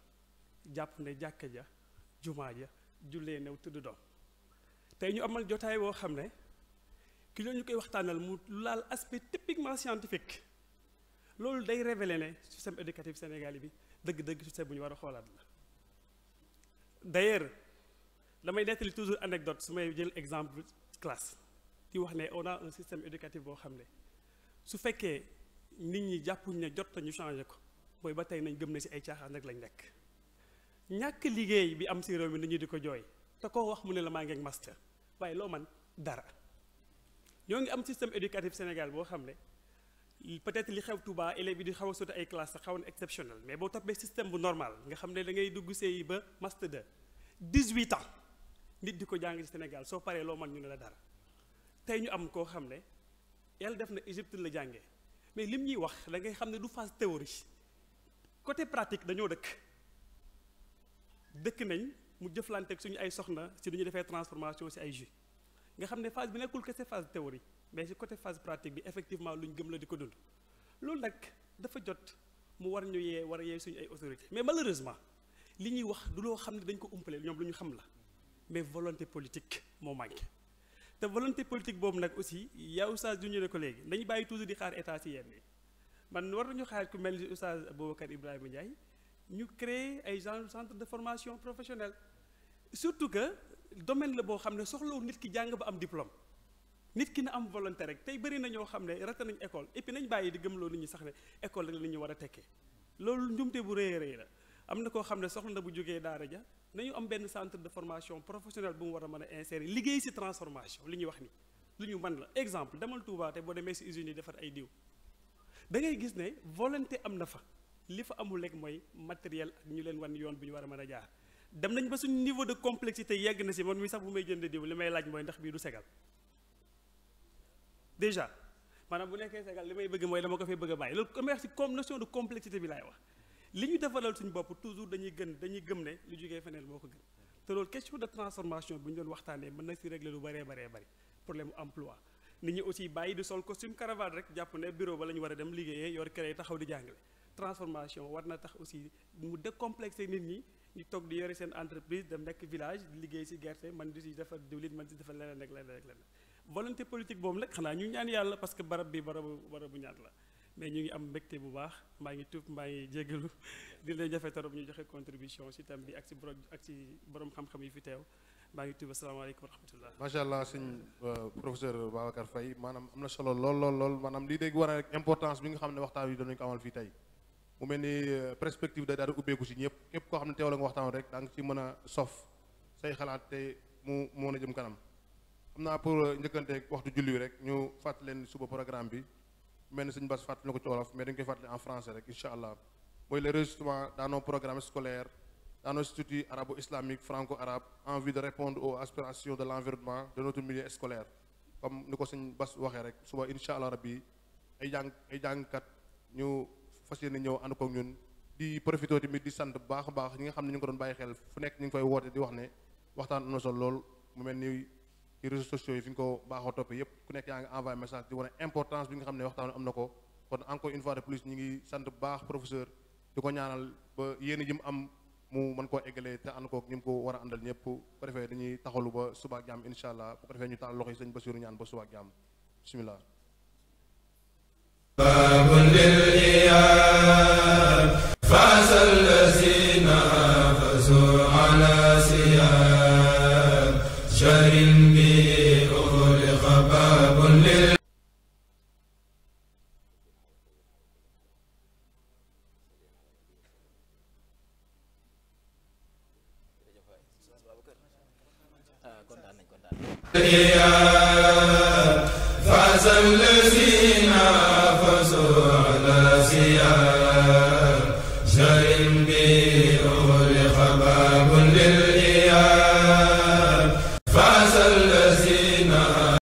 jàpp ne jàkka ja jumaa ja jullee new tudd doom tey ñu amal jotaay boo xam ne ki ñu koy waxtaanal mu laal aspect typiquement scientifique loolu day révéler ne système éducatif sénégali bi dëgg-dëgg système bu ñu war a xoolaat la d'ailleurs damay nettali toujours anecdote su may jël exemple classe di wax ne on a système éducatif boo xam ne su fekkee nit ñi jàppuñ ne jot nañu changé ko mooy ba tey nañ gëm ne si ay caaxaan rek lañ nekk ñàkk liggéey bi am si réew mi nañu di ko jooy te koo wax mu ne la maa ngi ak master waaye loo man dara ñoo ngi am système éducatif Sénégal boo xam ne peut-être li xew tubaa élèves yi di xaw a sotti ay classe sa xaw na exceptionnel mais boo toppee système bu normal nga xam ne da ngay dugg CI ba master 2 18 ans nit di ko jàng Sénégal soo paree loo man ñu ne la dara tey ñu am koo xam ne yàlla def na Égypte la jàngee mais lim ñuy wax da ngay xam ne du phase théorie côté pratique dañoo dëkk dëkk nañ mu jëflanteeg suñu ay soxna si du ñu defee transformation ci ay jus nga xam ne phase bi nekkul kese phase théorie mais si côté phase pratique bi effectivement lu ñu gëm la di ko dund loolu nag dafa jot mu war ñu yee war yee suñu ay autorité mais malheureusement li ñuy wax du loo xam ne dañ ko umpale ñoom lu ñu xam la mais volonté politique moo manqué te volonté politique boobu nag aussi yaa oustaz junj ne ko léegi dañu bàyyi toujours di xaar état si yenn man war nañu xaar ku mel ni oustaz Boubacar Ibrahima Ndiaye ñu créer ay genre centre de formation professionnelle surtout que domaine la boo xam ne soxlawul nit ki jàng ba am diplôme nit ki na am volonté rek tey bëri na ñoo xam ne raté nañ école et nañ bàyyi di gëmloo nit ñi sax ne école rek la ñu war a tekkee loolu njumte bu rëy a la am na koo xam ne soxla na bu jógee daara ja nañu am benn centre de formation professionnelle bu mu war a mën a insérer liggéey si transformation li ñu wax ni lu ñu mën la exemple demal Touba te boo demee si usine yi defar ay diw da ngay gis ne volonté am na fa li fa amul rek mooy matériel ak ñu leen wan yoon bi ñu war a mën a jaar dem nañ ba suñ niveau de complexité yegg na si man mi sax bu may jënd diw li may laaj mooy ndax bii du segal déjà maanaam bu nekkee segal li may bëgg mooy dama ko fay bëgg a bàyyi loolu comme si comme notion de complexité bi laay wax li ñu defaral suñ bopp toujours dañuy gën dañuy gëm ne lu jógee feneen moo ko gën te loolu question de transformation bi ñu doon waxtaanee mën na si régler lu bëree baree bëri problème emploi nit ñi aussi bàyyi di sol costume cravate rek jàpp ñu war a dem yor créé taxaw di jàngale transformation war na tax aussi mu décomplexé nit ñi ñu toog di yore seen entreprise dem nekk village liggéey ci gerte man di ci defar diwlin man di ci defar leneen ak leneen ak leneen volonté politique boobu nag xanaa ñu ñaan yàlla parce que barab bi barabu barabu ñaan la mais ñu ngi am mbégte bu baax maa ngi tuub maa ngi jégalu <laughs> di leen jafe torop ñu joxe contribution ci tam bi ak ci boro borom xam-xam yi fi teew maa ngi tuub asalaamaaleykum wa rahmatullah macha allah suñ euh, professeur Babacar Faye maanaam am na solo lool lool lool maanaam war a importance nga xam ne waxtaan wi doon nañu ko amal mu mel ni euh, perspective day daal di ubbeeku si ñëpp képp koo xam ne teew la nga waxtaan rek daa nga ci mën a sof say xalaat tey mu moo a jëm kanam am naa pour euh, njëkkante waxtu julli rek ñu fàttali leen suba programme bi mel ni suñu bas fàttali na ko ci wolof mais dañu koy fàttali en français rek incha allah mooy le registrement dans nos programmes scolaires dans nos instituts arabo-islamiques franco-arabes en vue de répondre aux aspirations de l'environnement de notre milieu scolaire comme ni ko suñ bas waxee rek suba incha allah rabbi ay jàng ay jàngkat ñu fas yéene ñëw ànd kook ñun di profité tamit di sant baax a baax ñi nga xam ne ñu ngi ko doon bàyyi xel fu nekk ñu ngi fay woote di wax ne waxtaan am na solo lool mu mel ni réseaux sociaux yi fi ñu ko baaxoo toppee yépp ku nekk yaa ngi envoyé message di wane ne waxtaan am na ko kon encore une fois de plus ñu ngi sant bu baax professeur di ko ñaanal ba yéen mu am mu man koo eggalee te ànd kook ñi mu ko war a àndal ñëpp bu ko defee dañuy taxalu ba suba ak jàmm incha ñu taal loxo yi sëñ Basiru ñaan ba suba ak yaa